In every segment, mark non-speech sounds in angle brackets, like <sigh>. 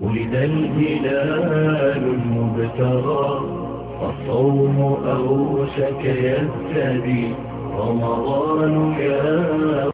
ولد الهلال المبتغى الصوم أوشك يبتدي رمضان يا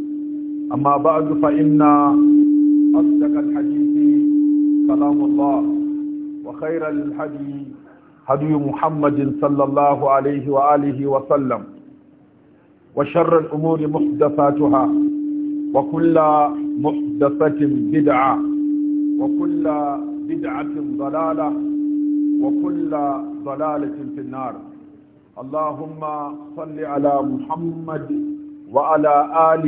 أما بعد فإن أصدق الحديث كلام الله وخير الحديث هدي محمد صلى الله عليه وآله وسلم وشر الأمور محدثاتها وكل محدثة بدعة وكل بدعة ضلالة وكل ضلالة في النار اللهم صل على محمد وعلى آل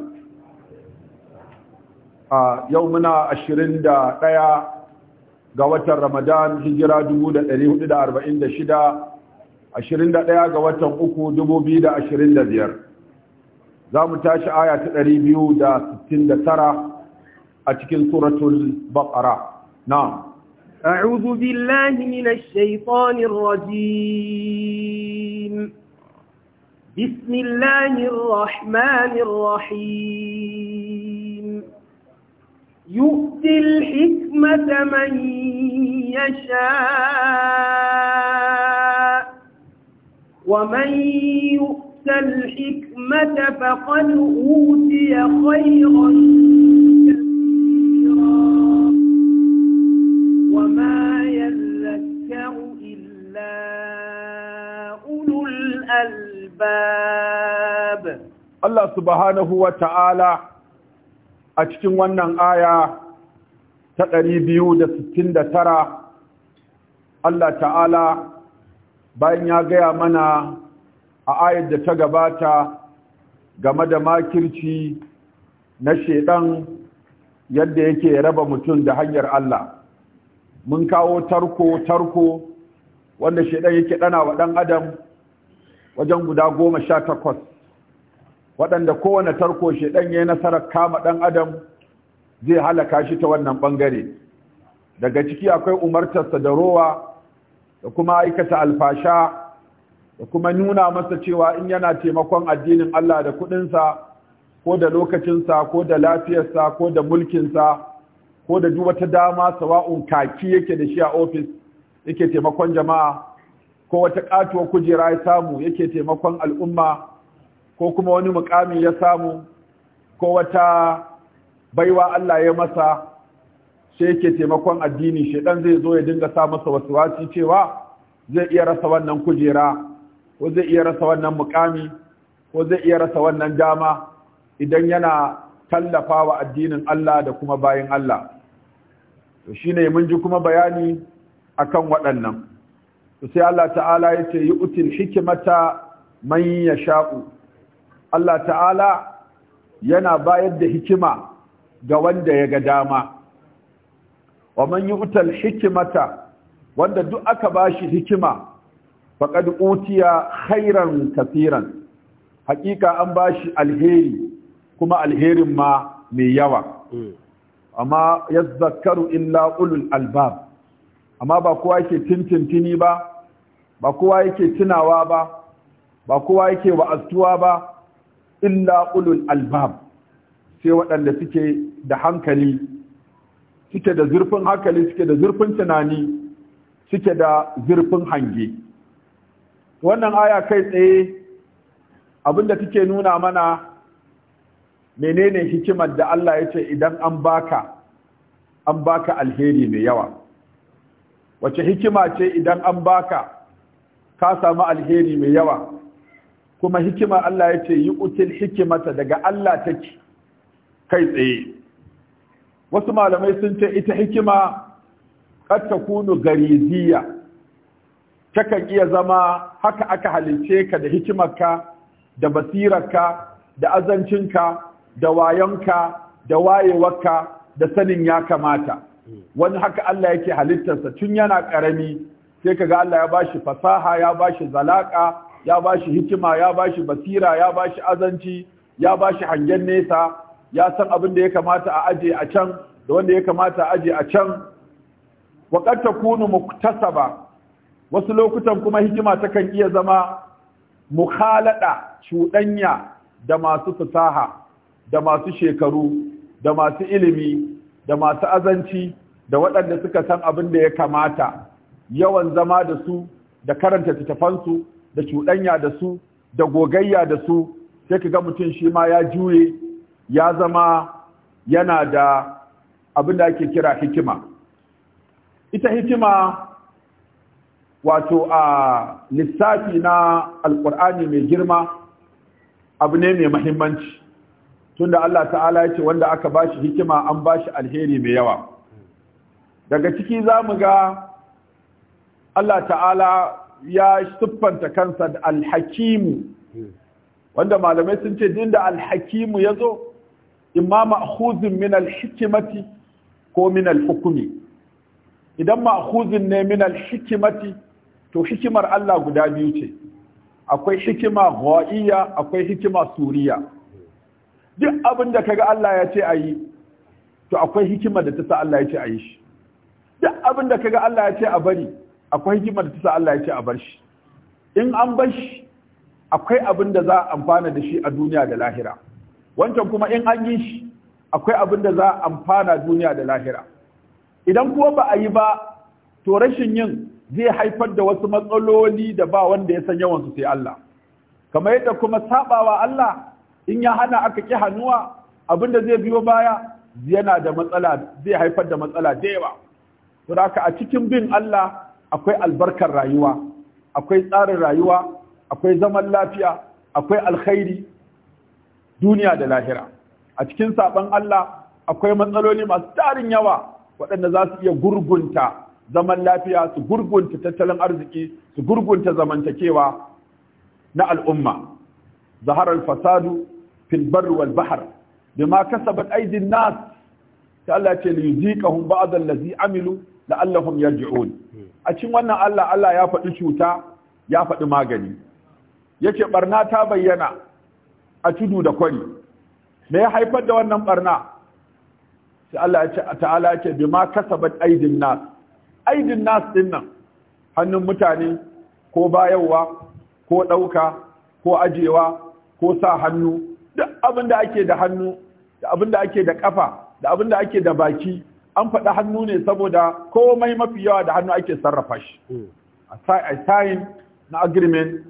a yau muna ashirin da ɗaya ga watan ramadan hijira dubu da ɗari hudu da arba'in da shida ashirin da ɗaya ga watan uku dubu biyu da ashirin da biyar za mu tashi aya ta ɗari biyu da sittin da tara a cikin suratul baƙara na أعوذ بالله من الشيطان الرجيم بسم الله الرحمن الرحيم يؤتي الحكمة من يشاء ومن يؤت الحكمة فقد أوتي خيرا كثيرا وما يذكر إلا أولو الألباب الله سبحانه وتعالى a cikin wannan aya ta 269 Allah ta'ala bayan ya gaya mana a ayar da ta gabata game da makirci na shedan yadda yake raba mutum da hanyar Allah mun kawo tarko tarko wanda shedan yake dana wa dan adam wajen guda goma sha takwas waɗanda kowane tarko shi ɗan ya yi nasarar kama ɗan adam zai halaka shi ta wannan ɓangare. daga ciki akwai umartarsa da rowa da kuma aikata alfasha da kuma nuna masa cewa in yana taimakon addinin Allah da kuɗinsa ko da lokacinsa ko da lafiyarsa ko da mulkinsa ko da duk wata dama sawa'un kaki yake da shi a ofis yake taimakon jama'a ko wata katuwar kujera ya samu yake taimakon al'umma ko kuma wani mukami ya samu ko wata baiwa Allah ya masa sai yake taimakon addini shedan zai zo ya dinga sa masa wasuwaci cewa zai iya rasa wannan kujera ko zai iya rasa wannan mukami ko zai iya rasa wannan dama idan yana tallafa wa addinin Allah da kuma bayin Allah to shine mun ji kuma bayani akan waɗannan to sai Allah ta'ala yace yu'til hikmata man yasha'u Allah ta'ala yana bayar da hikima ga wanda ya ga dama wa man yu'tal hikimata wanda duk aka bashi hikima faqad utiya khairan kasiran. hakika an bashi alheri kuma alherin ma mai yawa amma yazakkaru illa ulul albab amma ba kowa yake tintintini ba ba kowa yake tunawa ba ba kowa yake wa'astuwa ba illa ulul albab sai waɗanda suke da hankali suke da zurfin hankali suke da zurfin tunani suke da zurfin hange wannan aya kai tsaye abinda take nuna mana menene hikimar da Allah ya ce idan an baka an baka alheri mai yawa wace hikima ce idan an baka ka samu alheri mai yawa kuma hikima Allah ya ce yi util hikimata daga Allah take kai tsaye wasu malamai sun ce ita hikima gari takunu gariziya takan iya zama haka aka halice ka da hikimarka da basirarka da azancinka da wayonka da wayewarka da sanin ya kamata wani haka Allah yake halittarsa tun yana ƙarami sai kaga Allah ya bashi fasaha ya bashi zalaka ya ba shi hikima ya bashi basira ya bashi azanci ya bashi hangen nesa ya san abin da ya kamata a aje a can da wanda ya kamata a aje a can wa ta kunu muktasaba wasu lokutan kuma hikima ta kan iya zama mukhalada cuɗanya da masu fasaha da masu shekaru da masu ilimi da masu azanci da waɗanda suka san abin da ya kamata yawan zama da su da karanta littattafansu da cuɗanya da su da gogayya da su sai ka ga mutum shi ma ya juye ya zama yana da abin da ake kira hikima ita hikima wato a lissafi na Alƙur'ani mai girma abu ne mai mahimmanci tunda Allah ta'ala ya ce wanda aka ba shi hikima an ba shi alheri mai yawa daga ciki za mu ga Allah ta'ala ya siffanta kansa da alhakimu wanda malamai sun ce din da alhakimu ya zo imma ma'khuzin min alhikimati ko min alhukumi idan ma'khuzin ne min alhikimati to hikimar Allah guda biyu ce akwai hikima ghaiya akwai hikima suriya duk abin da kaga Allah ya ce ayi to akwai hikima da ta sa Allah ya ce ayi shi duk abin da kaga Allah ya ce a bari akwai hikimar da tasa Allah ya ce a bar shi in an bar shi akwai abin da za a amfana da shi a duniya da lahira wancan kuma in an yi shi akwai abin da za a amfana duniya da lahira idan kuma ba a yi ba to rashin yin zai haifar da wasu matsaloli da ba wanda ya san yawansu sai Allah kamar yadda kuma sabawa Allah in ya hana aka ki hannuwa abin da zai biyo baya yana da matsala zai haifar da matsala da yawa to haka a cikin bin Allah akwai albarkar rayuwa akwai tsarin rayuwa akwai zaman lafiya akwai alkhairi duniya da lahira a cikin saban Allah akwai matsaloli masu tarin yawa waɗanda za su iya gurgunta zaman lafiya su gurgunta tattalin arziki su gurgunta zamantakewa na al'umma zaharar fasadu fil barri wal bahr bima kasabat aydin nas ta Allah ce li yuziqahum ba'd allazi amilu la'allahum yarji'un a cikin wannan Allah Allah ya faɗi cuta ya faɗi magani yace barna ta bayyana a tudu da kwari me ya haifar da wannan barna sai Allah ya ce ta'ala ya bima kasabat aidin nas aidin nas din hannun mutane ko bayarwa ko ɗauka ko ajewa ko sa hannu duk abin da ake da hannu da abin da ake da kafa da abin da ake da baki an faɗi hannu ne saboda komai mafi yawa da hannu ake sarrafa shi hmm. a sayin na agreement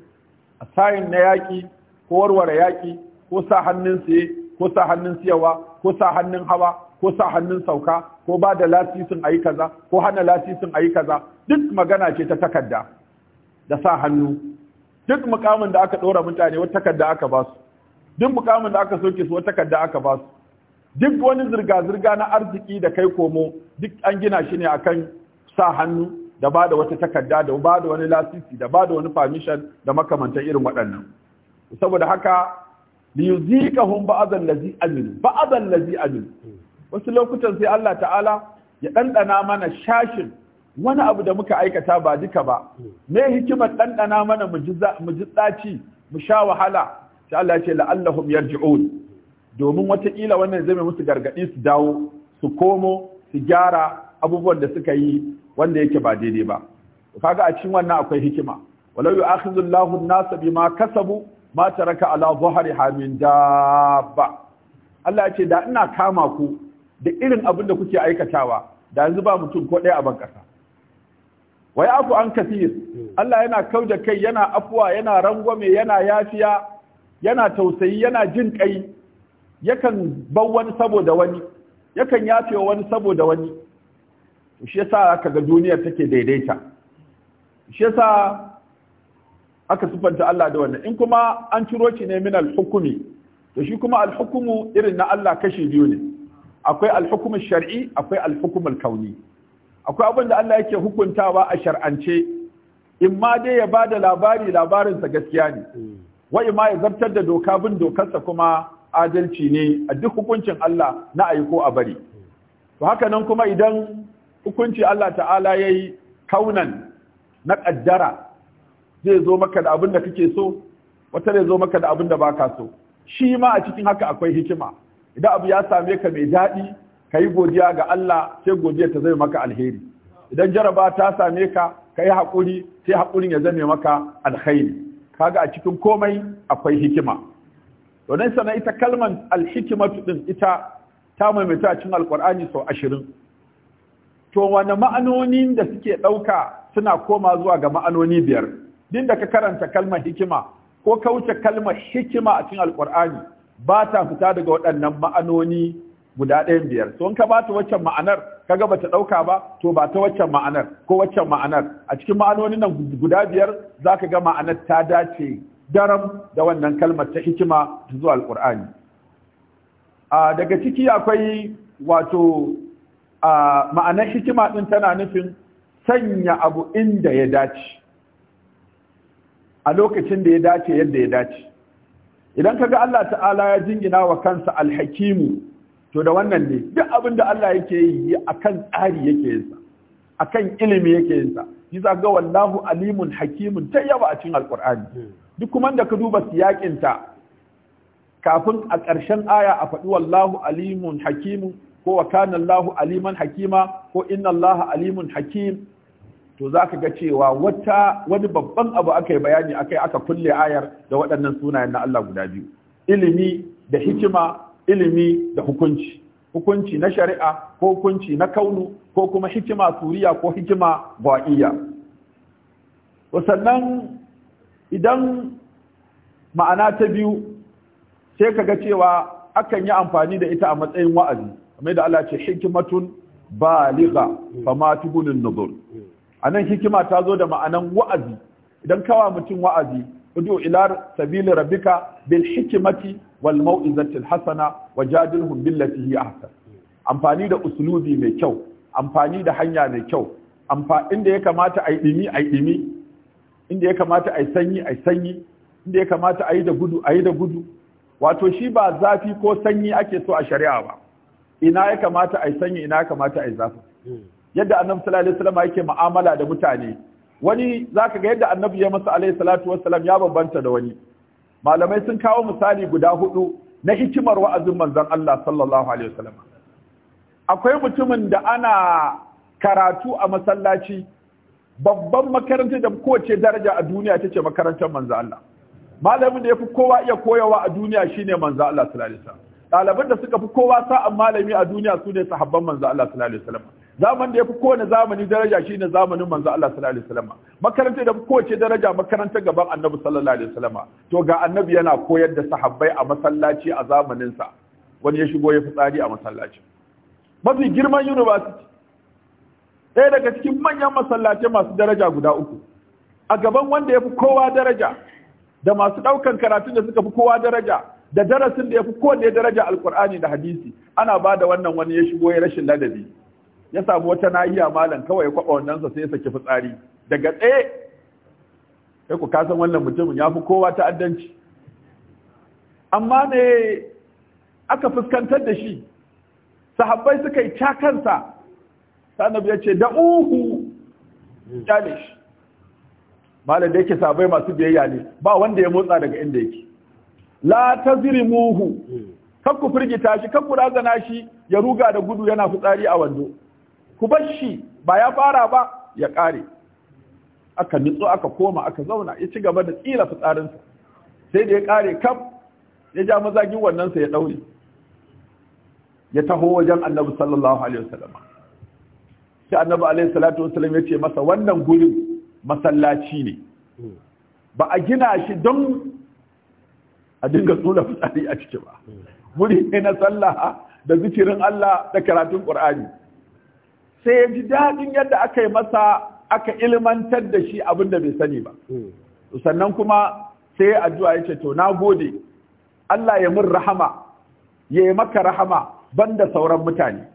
a sayin na yaƙi ko warware yaƙi ko sa hannun siye ko sa hannun siyarwa ko sa hannun hawa ko sa hannun sauka ko ba da lasisin a yi kaza ko hana lasisin a yi kaza duk magana ce ta takarda da sa hannu duk mukamin da aka ɗora mutane wata takarda aka ba su duk mukamin da aka soke su wata takarda aka ba su duk wani zirga-zirga na arziki da kai komo duk an gina shi ne akan sa hannu da ba da wata takarda da ba da wani lasisi da ba da wani permission da makamantan irin waɗannan saboda haka li yuzikahum ba'dhal ladzi aminu ba'dhal ladzi aminu wasu lokutan sai Allah ta'ala ya ɗanɗana mana shashin wani abu da muka aikata ba duka ba me hikimar ɗanɗana mana mu ji tsaci, mu sha wahala sai Allah ya ce la'allahum yarji'un domin watakila wannan zai musu gargaɗi su dawo su komo su gyara abubuwan da suka yi wanda yake ba daidai ba kaga a cikin wannan akwai hikima walau yu'akhidhu Allahu an-nasa bima kasabu ma taraka ala dhahriha min dabba Allah ya ce da ina kama ku da irin abin da kuke aikatawa da yanzu ba mutum ko ɗaya a ban ƙasa Wai afu an kasir Allah yana kau da kai yana afuwa yana rangwame yana yafiya yana tausayi yana jin ƙai. yakan bar wani saboda wani yakan yafe wani saboda wani shi yasa aka ga duniyar take daidaita shi yasa aka sufanta Allah da wannan in kuma an ciro shi ne min al-hukumi to shi kuma al-hukumu irin na Allah kashi biyu ne akwai al-hukumu shar'i akwai al-hukumu al-kauni akwai abin da Allah yake hukuntawa a shar'ance in ma dai ya bada labari labarin sa gaskiya ne hmm. Waima ma ya zartar da doka bin dokarsa kuma adalci ne a duk hukuncin Allah na ayi ko a bari to haka nan kuma idan hukunci Allah ta'ala yi kaunan na ƙaddara, zai zo maka da abin da kake so wata zai zo maka da abin da baka so shi ma a cikin haka akwai hikima idan abu ya same ka mai daɗi ka yi godiya ga Allah sai godiya ta zai maka alheri idan jaraba ta same ka ka yi haƙuri sai haƙurin ya zame maka alkhairi kaga a cikin komai akwai hikima to nan sana ita kalman alhikimatu din ita ta maimaita a cikin alqur'ani sau ashirin to wani ma'anonin da suke ɗauka suna koma zuwa ga ma'anoni biyar din da ka karanta kalmar hikima ko ka wuce kalmar hikima a cikin alkur'ani ba ta fita daga waɗannan ma'anoni guda ɗayan biyar to in ka ba ta waccan ma'anar ga bata ɗauka ba to ba ta waccan ma'anar ko waccan ma'anar a cikin ma'anonin nan guda biyar zaka ga ma'anar ta dace daram da wannan kalmar ta hikima zuwa alkur'ani a daga ciki akwai wato ma'anar hikima ɗin tana nufin sanya abu inda ya dace a lokacin da ya dace yadda ya dace idan kaga Allah ta'ala ya jingina wa kansa alhakimu to da wannan ne duk abin da Allah yake yi akan tsari yake yin sa akan ilimi yake yin sa yi ga wallahu alimun hakimun ta yawa a cikin alqur'ani hmm. duk kuma da ka duba siyakinta kafin a ƙarshen aya a faɗi wallahu alimun hakimu ko wa kana Allahu aliman hakima ko inna Allah alimun hakim to za ka ga cewa wata wani babban abu aka yi bayani akai aka kulle ayar da waɗannan sunayen na Allah guda biyu ilimi da hikima ilimi da hukunci hukunci na shari'a ko hukunci na kaunu ko kuma hikima suriya ko hikima ba'iya wasannan idan ma'ana ta biyu sai ka ga cewa akan yi amfani da ita a matsayin wa'azi kamar da Allah ce hikimatun baligha ma tubulun nuzur anan hikima ta zo da ma'anan wa'azi idan kawa mutum wa'azi udu ila sabili rabbika bil hikimati wal mau'izati al hasana wajadilhum billati hi ahsan amfani da uslubi mai kyau amfani da hanya mai kyau amfa inda ya kamata a yi dimi a dimi inda ya kamata yi sanyi yi sanyi inda ya kamata ayi da gudu ayi da gudu wato shi ba zafi ko sanyi ake so a shari'a ba ina ya kamata yi sanyi ina ya kamata yi zafi yadda annabi sallallahu alaihi wasallam yake mu'amala da mutane wani zaka ga yadda annabi ya masa alaihi salatu wassalam ya bambanta da wani malamai sun kawo misali guda hudu na hikimar wa'azin manzon Allah sallallahu alaihi wasallam akwai mutumin da ana karatu a masallaci babban makarantar da kowace daraja a duniya ta ce makarantar manzo Allah malamin da ya fi kowa iya koyawa a duniya shine manzo Allah sallallahu alaihi wasallam ɗaliban da suka fi kowa sa'an malami a duniya su ne sahabban manzo Allah sallallahu alaihi wasallam zaman da ya fi kowane zamani daraja shine zamanin manzo Allah sallallahu alaihi wasallam makarantar da kowace daraja makarantar gaban annabi sallallahu alaihi wasallam to ga annabi yana koyar da sahabbai a masallaci a zamaninsa, wani ya shigo ya fitsari a masallaci mafi girman university ɗaya daga cikin manyan masallatai masu daraja guda uku a gaban wanda ya fi kowa daraja da masu ɗaukan karatun da suka fi kowa daraja da darasin da ya fi kowanne daraja alkur'ani da hadisi ana ba da wannan wani ya shigo ya rashin ladabi ya samu wata nahiya malam kawai ya kwaɓa wannan sai ya saki fitsari daga tsaye sai ku kasan wannan mutumin ya fi kowa ta'addanci amma ne aka fuskantar da shi sahabbai suka yi cakansa sanabu ya ce da uhu shi malam da yake sabai masu biyayya ne ba wanda ya motsa daga inda yake la muhu. kar ku firgita shi kan ku razana shi ya ruga da gudu yana fitsari a wando ku bar shi ba ya fara ba ya kare aka nitso aka koma aka zauna ya ci gaba da tsira fitsarinsa sai da ya kare kaf ya ja mazagin wannan sa ya daure ya taho wajen annabi sallallahu alaihi wasallam sai annabi alaihi salatu wasallam ya ce masa wannan gurin masallaci ne ba a gina shi don a dinga tsula fitsari a ciki ba guri ne na sallah da zikirin Allah da karatun Qur'ani sai ya ji daɗin yadda aka masa aka ilmantar da shi abin da bai sani ba sannan kuma sai addu'a ya ce to na gode Allah ya mun rahama ya yi maka rahama banda sauran mutane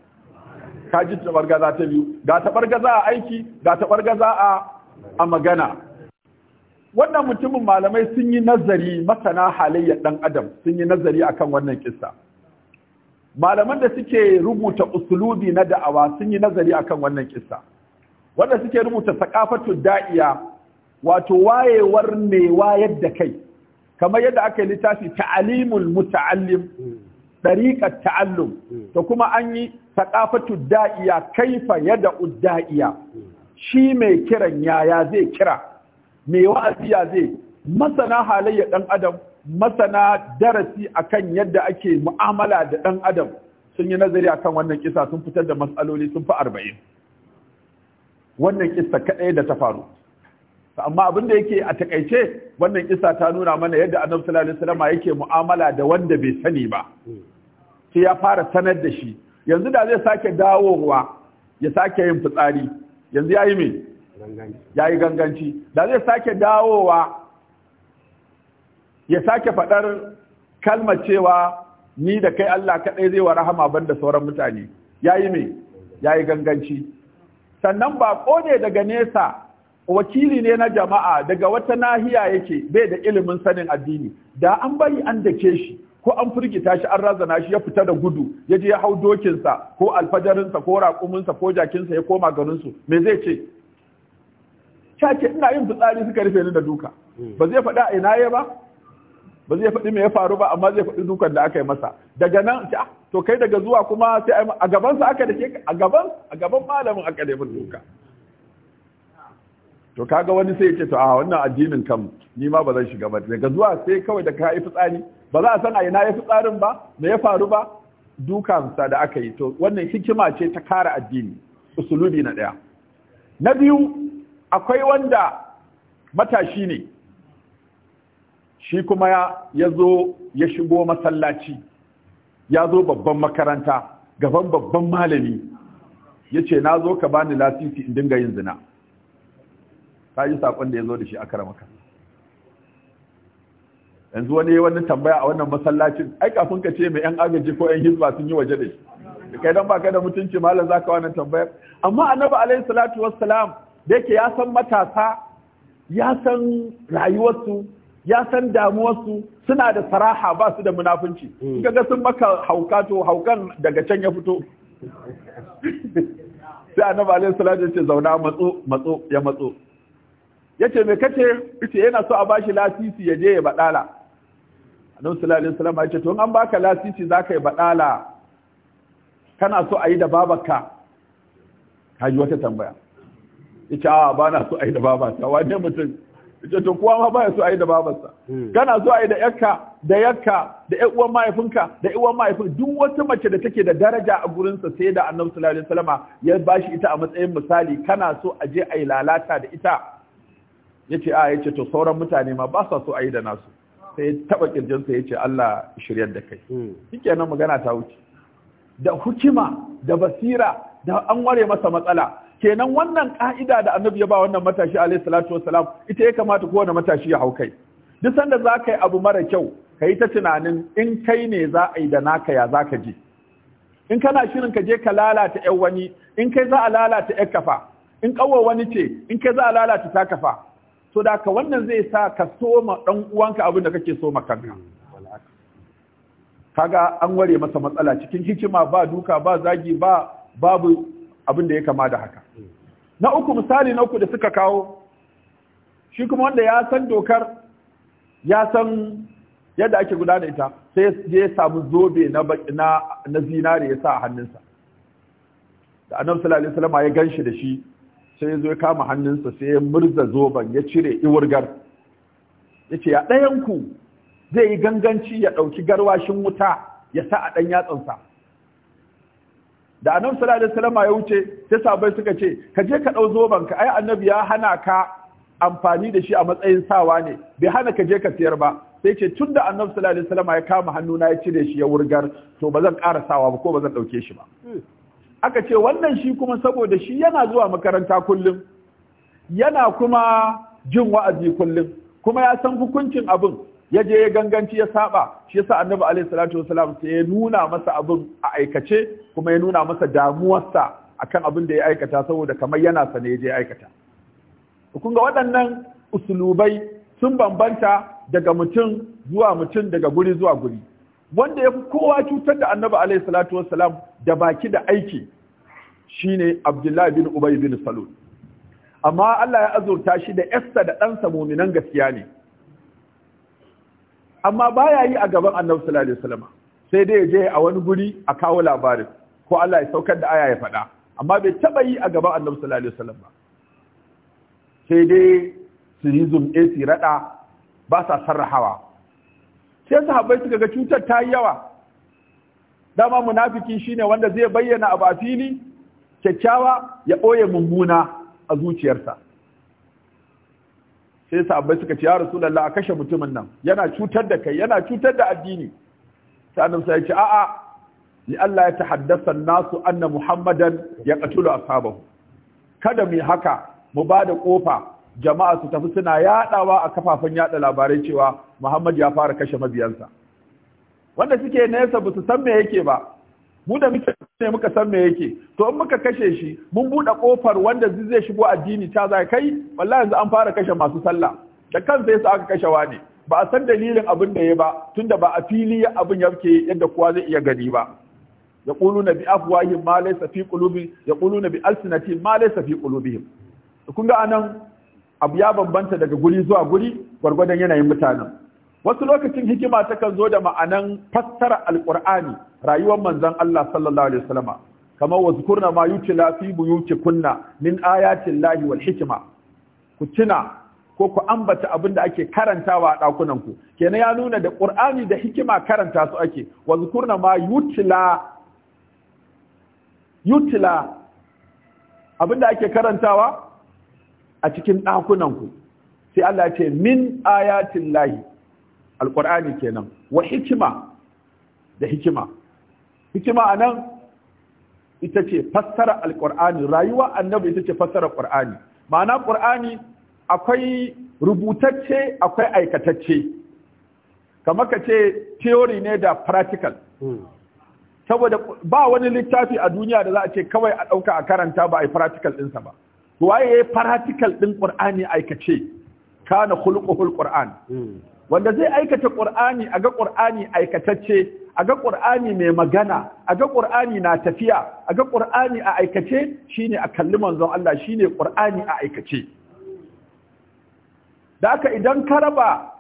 ka ji tabargaza ta biyu ga tabargaza a aiki ga tabargaza a a magana wannan mutumin malamai sun yi nazari masana halayya dan adam sun yi nazari akan wannan kissa malaman da suke rubuta usulubi na da'awa sun yi nazari akan wannan kissa wanda suke rubuta sakafatu da'iya wato wayewar ne wayar da kai kamar yadda aka yi littafi ta'alimul muta'allim ɗariƙar ta'allum da hmm. kuma an yi taƙafatu da'iya kaifa yada udda'iya shi mai kiran yaya zai kira mai wa'azi ya zai masana halayya ɗan adam masana darasi akan yadda ake mu'amala da ɗan adam sun yi nazari akan wannan kisa sun fitar da matsaloli sun fi arba'in wannan kisa kaɗai da ta faru amma abin da yake a takaice wannan kisa ta nuna mana yadda annabi sallallahu alaihi wasallam yake mu'amala da wanda bai sani ba sai ya fara sanar da shi yanzu da zai sake dawowa ya sake yin fitsari yanzu yayi me yayi ganganci da zai sake dawowa ya sake faɗar kalmar cewa ni da kai Allah kaɗai zai wa rahama banda sauran mutane yayi me yayi ganganci sannan ba ne daga nesa wakili ne na jama'a daga wata nahiya yake bai da ilimin sanin addini da an bari an dake shi ko an firgita shi an razana shi ya fita da gudu ya je ya hau dokinsa ko alfajarinsa ko raƙuminsa ko jakinsa ya koma garinsu me zai ce ce ina yin fitsari suka rufe ni da duka ba zai faɗa ina ya ba ba zai faɗi me ya faru ba amma zai faɗi dukan da aka yi masa daga nan ta ah, to kai daga zuwa kuma sai a gabansa aka dake a gaban a gaban malamin aka duka to kaga wani sai ce to a wannan addinin kam ni ma ba zan shiga ba daga zuwa sai kawai da ka fitsari ba za a san a ina ya fitsarin ba me ya faru ba dukansa da aka yi to wannan hikima ce ta kare addini usulubi na ɗaya na biyu akwai wanda matashi ne shi kuma ya zo ya shigo masallaci ya zo babban makaranta gaban babban malami Yace ce na zo ka bani lasisi in dinga yin zina ka yi sakon da ya zo da shi aka maka yanzu wani wani tambaya a wannan masallacin ai kafin ka ce mai yan agaji ko yan hizba sun yi waje da shi kai don baka da mutunci malam zaka wannan tambayar amma annabi alaihi salatu wassalam da yake ya san matasa ya san rayuwarsu ya san damuwarsu suna da saraha ba su da munafunci kaga sun maka hauka to haukan daga can ya fito <laughs> sai annabi alaihi salatu ya ce zauna matso matso ya matso yace me kace ce yana so a ba shi lasisi ya je ya badala annabi sallallahu alaihi ya yace to an baka lasisi zaka yi baɗala? kana so a yi da babarka ji wata tambaya ce a ba na so a yi da babarsa wani mutum ce to kuwa ma baya so a yi da babarsa hmm. kana so a yi da yakka da yakka da ƴan uwan mahaifinka da ƴan uwan mahaifin duk wata mace da take da daraja a gurinsa sai da annabi sallallahu alaihi wasallam ya bashi ita a matsayin misali kana so a je a yi lalata da ita Ya ce a yace to sauran mutane ma ba sa so a yi da nasu sai taba kirjinsa ce Allah shiryar da kai hmm. shikenan magana ta wuce da hukima da basira da an ware masa matsala kenan wannan ka'ida da annabi ya ba wannan matashi alaihi salatu Salam ita ya kamata kowane matashi ya hau kai duk sanda za ka yi abu mara kyau ka yi ta tunanin in kai ne za a yi da naka ya za ka je in kana shirin ka je ka lalata yan wani in kai za a lalata yan kafa in kawo wani ce in kai za a lalata ta kafa so da ka wannan zai sa ka soma dan uwanka abin da kake soma kanka kaga an ware masa matsala cikin hikima ba duka ba zagi ba babu abin da ya kama da haka na uku misali na uku da suka kawo shi kuma wanda ya san dokar ya san yadda ake gudana ita sai ya samu zobe na na, na zinare ya sa a hannunsa da annabi sallallahu alaihi wasallam ya ganshi da shi sai ya zo ya kama hannunsa sai ya murza zoban ya cire iwurgar ya ce ya ɗayanku zai yi ganganci ya ɗauki garwashin wuta ya sa a ɗan yatsansa da anan salatu salama ya wuce sai sabai suka ce ka je ka ɗau zoban ka ai annabi ya hana ka amfani da shi a matsayin sawa ne bai hana ka je ka siyar ba sai ce tun da annabi salatu salama ya kama hannuna ya cire shi ya wurgar to ba zan ƙara sawa ba ko ba zan ɗauke shi ba aka ce wannan shi kuma saboda shi yana zuwa makaranta kullum yana kuma jin wa'azi kullum kuma ya san hukuncin abin ya je ya ganganci ya saba shi yasa annabi alaihi salatu wasalam sai ya nuna masa abin a aikace kuma ya nuna masa damuwarsa akan abin da ya aikata saboda kamar yana sane ya je aikata kun ga waɗannan usulubai sun bambanta daga mutum zuwa mutum daga guri zuwa guri wanda ya fi kowa cutar da annabi alaihi salatu wassalam da baki da aiki shine abdullahi bin ubay bin salul amma Allah ya azurta shi da esta da ɗansa muminan gaskiya ne amma baya yi a gaban annabi sallallahu alaihi wasallam sai dai je a wani guri a kawo labarin ko Allah ya saukar da aya ya faɗa amma bai taba yi a gaban annabi sallallahu alaihi wasallam ba sai dai su yi zumɗe eh, su raɗa ba sa sarrahawa sai sahabbai suka ga cutar ta yi yawa dama munafiki shine wanda zai bayyana abu a fili kyakkyawa ya ɓoye mummuna a zuciyarsa sai sahabbai suka ce ya rasulullah a kashe mutumin nan yana cutar da kai yana cutar da addini sai sai ce a'a li Allah ya tahaddasa nasu anna muhammadan ya qatulu ashabahu kada mu haka mu ba da kofa jama'a su tafi suna yadawa a kafafen yada labarai cewa Muhammad ya fara kashe mabiyansa wanda suke nesa ba su san me yake ba mu da muke ne muka san me yake to in muka kashe shi mun buɗe ƙofar wanda zai shigo addini ta za kai wallahi yanzu an fara kashe masu sallah da kansa sa aka kashe wani ba a san dalilin abin da ya ba tunda ba a fili abin yake yadda kowa zai iya gani ba na bi afwahihim ma laysa fi ƙulu na bi alsinati ma laysa fi qulubihim kun ga anan abu ya bambanta daga guri zuwa guri gwargwadon yanayin mutanen wasu lokacin hikima takan zo da ma'anan fassara alqur'ani rayuwar manzon Allah sallallahu alaihi wasallama kamar wazkurna ma yutla fi kunna, min ayati llahi wal hikma ku tuna ko ku ambata abin da ake karantawa a dakunan ku kenan ya nuna da qur'ani da hikima karanta su ake wazkurna ma yutla la, abin da ake karantawa a cikin dakunan ku sai Allah ya ce min ayatin lahi Alƙur'ani kenan wa hikima da hikima hikima anan ita ce fassara alqur'ani rayuwa annabi ita ce fassara qur'ani ma'ana qur'ani akwai rubutacce akwai aikatacce kamar ka ce theory ne da practical hmm. saboda ba wani littafi a duniya da za a ce kawai a ɗauka a karanta ba a yi practical ɗinsa ba waye practical ɗin ƙur'ani aikace kana hulƙuhul ƙur'an hmm. wanda zai aikata ƙur'ani a ga ƙur'ani aikatacce a ga ƙur'ani mai magana a ga ƙur'ani na tafiya a ga ƙur'ani a aikace shine a kalli manzon Allah shine ƙur'ani a aikace da haka idan ka raba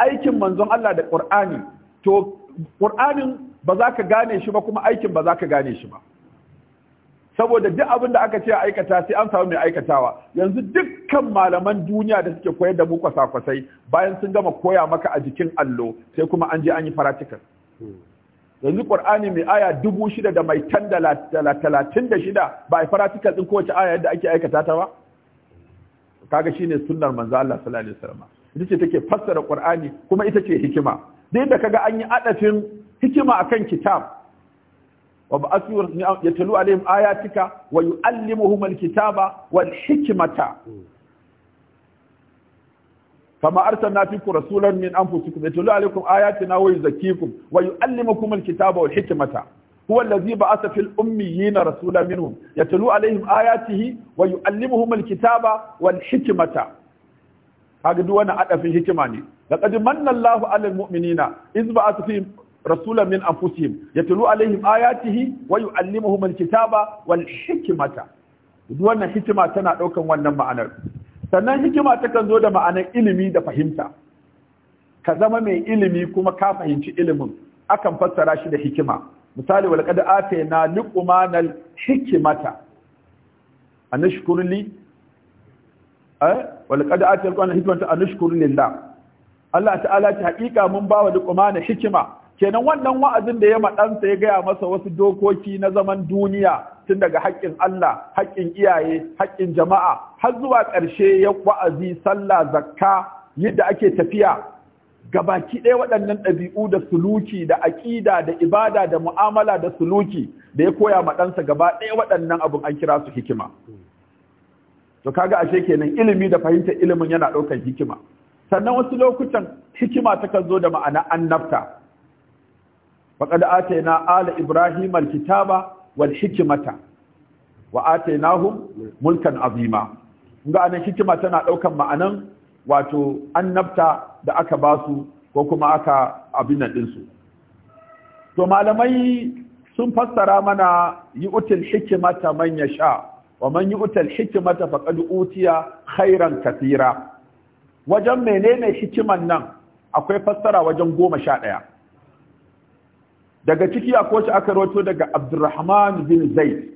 aikin manzon Allah da ƙur'ani to ƙur'anin ba za ka gane shi ba kuma aikin ba za ka gane shi ba saboda duk abin da aka ce a aikata sai an samu mai aikatawa yanzu dukkan malaman duniya da suke koyar da mu kwasa-kwasai bayan sun gama koya maka a jikin allo sai kuma an je an yi faratikas. yanzu qur'ani mai aya dubu shida da mai tan talatin da shida ba a yi faratikas din kowace aya yadda ake aikata ta ba kaga shine sunnar manzo Allah sallallahu alaihi wasallam ita ce take fassara qur'ani kuma ita ce hikima da da kaga an yi adafin hikima akan kitab وبأسير يتلو عليهم آياتك ويعلمهم الكتاب والحكمة فما أرسلنا فيكم رسولا من أنفسكم يتلو عليكم آياتنا ويزكيكم ويعلمكم الكتاب والحكمة هو الذي بعث في الأميين رسولا منهم يتلو عليهم آياته ويعلمهم الكتاب والحكمة هذا دون أدى في الحكمة لقد من الله على المؤمنين إذ بعث فيهم rasulan min anfusihim yatlu alaihim ayatihi wa yuallimuhum alkitaba wal hikmata duk wannan hikima tana daukan wannan ma'anar sannan hikima takan zo da ma'anar ilimi da fahimta ka zama mai ilimi kuma ka fahimci ilimin akan fassara shi da hikima misali wal qad atayna luqman al hikmata anashkuru li eh, wal qad atayna luqman al hikmata anashkuru lillah Allah ta'ala ta haƙiƙa mun bawa wa luqman hikima kenan wannan wa'azin da ya maɗansa ya gaya masa wasu dokoki na zaman duniya tun daga haƙƙin Allah, haƙƙin iyaye, haƙƙin jama'a, har zuwa ƙarshe ya wa'azi, sallah, zakka, yadda ake tafiya. Gabaki ɗaya waɗannan ɗabi'u da suluki da aƙida da ibada da mu'amala da suluki da ya koya ma ɗansa gaba ɗaya waɗannan abin an kira su hikima. To kaga ashe kenan ilimi da fahimtar ilimin yana ɗaukar hikima. Sannan wasu lokutan hikima takan zo da ma'ana annabta. faqad atayna ala ibrahim alkitaba wal hikimata. wa atainahum mulkan azima ga anan hikima tana ɗaukan ma'anan wato annabta da aka basu ko kuma aka abin ɗinsu to malamai sun fassara mana yu'til hikimata man sha, wa man yu'til hikimata faqad utiya khairan kathira wajen menene hikiman nan akwai fassara wajen goma sha ɗaya daga ciki a kowace aka rawato daga abdurrahman bin zaid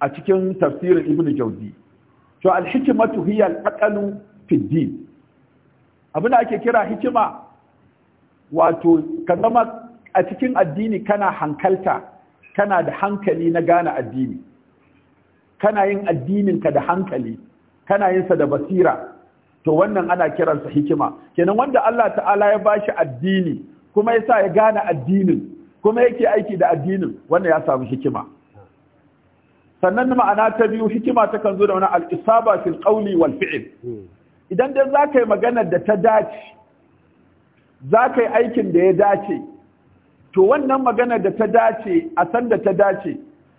a cikin tafsirin ibn jawzi to al-hikmatu hiya al-aqalu fi din abin da ake kira hikima wato ka zama a cikin addini kana hankalta kana da hankali na gane addini kana yin addininka da hankali kana yin sa da basira to wannan ana kiransa hikima kenan wanda Allah ta'ala ya bashi addini kuma yasa ya gane addinin kuma yake aiki da addinin wannan ya samu hikima sannan ma'ana ta biyu hikima ta kan zo da wani al'isaba fil qawli wal fi'l idan dai za ka yi magana da ta dace za yi aikin da ya dace to wannan magana da ta dace a san da ta dace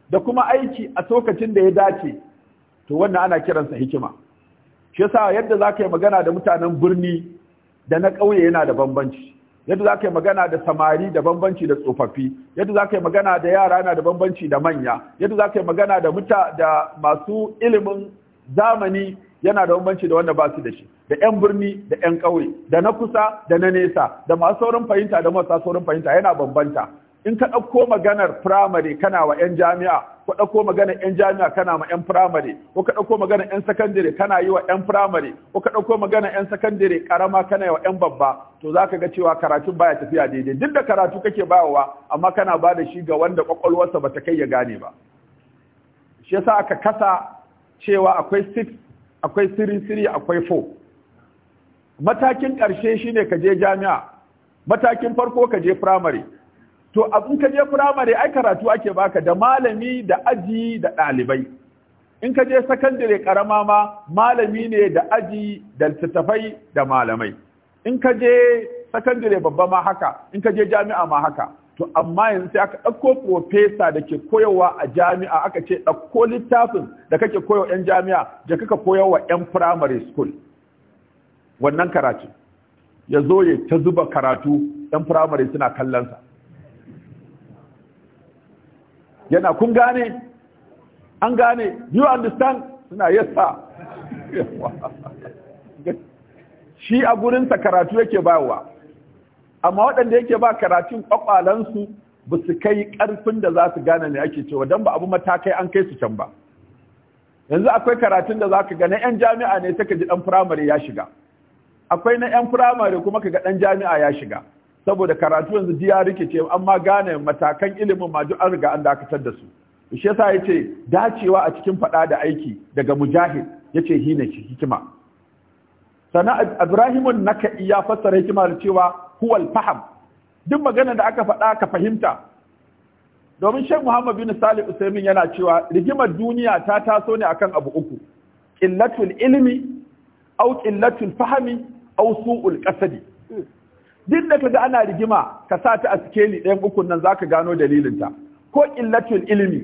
da kuma aiki a lokacin da ya dace to wannan ana kiransa hikima shi yasa yadda za yi magana da mutanen birni da na ƙauye yana da bambanci yadda za ka yi magana da samari da bambanci da tsofaffi yadda za ka yi magana da yara na da bambanci da manya yadda za ka yi magana da muta da masu ilimin zamani yana da bambanci da wanda ba su da shi da 'yan birni da 'yan ƙauye da na kusa da na nesa da masu saurin fahimta da masu saurin fahimta yana bambanta in ka ɗauko maganar firamare kana wa 'yan jami'a ko ɗauko maganar 'yan jami'a kana ma 'yan firamare ko ka ɗauko maganar 'yan sakandare kana yi wa 'yan firamare ko ka ɗauko maganar 'yan sakandare ƙarama kana yi wa 'yan babba to za ka ga cewa karatun baya tafiya daidai duk da karatu kake bayarwa amma kana ba da shi ga wanda ƙwaƙwalwarsa ba ta kai ya gane ba shi yasa aka kasa cewa akwai six akwai siri siri akwai four matakin ƙarshe shine ka je jami'a matakin farko ka je firamare to in ka je firamare ai karatu ake baka da malami da aji da ɗalibai in ka je sakandare karama ma malami ne da aji da littattafai da malamai in ka je sakandare babba ma haka in ka je jami'a ma haka to amma yanzu sai aka ɗauko profesa da ke koyarwa a jami'a aka ce ɗauko littafin da kake koyo 'yan jami'a da kaka koyarwa 'yan firamare school wannan karatu ya zo ya ta zuba karatu 'yan firamare suna kallonsa yana kun gane an gane you understand suna yasa <laughs> shi a gurinsa karatu yake bawa amma waɗanda yake ba karatun kwakwalansu ba su kai ƙarfin da za su gane ne ake cewa don ba abu matakai an kai su can ba yanzu akwai karatun da za ka na 'yan jami'a ne ta ji ɗan firamare ya shiga akwai na 'yan firamare kuma ka ga ɗan jami'a ya shiga saboda karatu yanzu ji ya rikice amma gane matakan ilimin ma duk an riga an dakatar da su shi yasa yace dacewa a cikin fada da aiki daga mujahid yace hina ki hikima sana ibrahimun naka ya fassara hikima da cewa huwal faham duk magana da aka faɗa ka fahimta domin shan Muhammad bin Salih Usaimin yana cewa rigimar duniya ta taso ne akan abu uku qillatul ilmi aw qillatul fahmi aw su'ul qasadi duk da kaga ana rigima ka sa ta a sikeli ɗayan ukun nan ka gano dalilinta ko illatul ilimi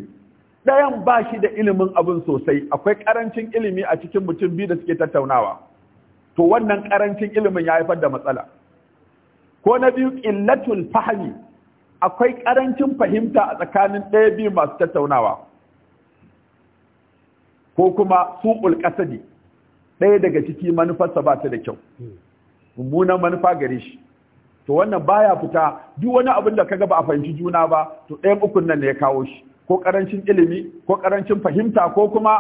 ɗayan ba shi da ilimin abin sosai akwai ƙarancin ilimi a cikin mutum biyu da suke tattaunawa to wannan ƙarancin ilimin ya haifar da matsala ko na biyu illatul fahmi akwai ƙarancin fahimta a tsakanin ɗaya biyu masu tattaunawa ko kuma su'ul ƙasadi ɗaya daga ciki manufarsa ba ta da kyau hmm. mummunan manufa gare shi to wannan baya fita duk wani abin da kaga ba a fahimci juna ba to ɗayan ukun nan ne ya kawo shi ko karancin ilimi ko karancin fahimta ko kuma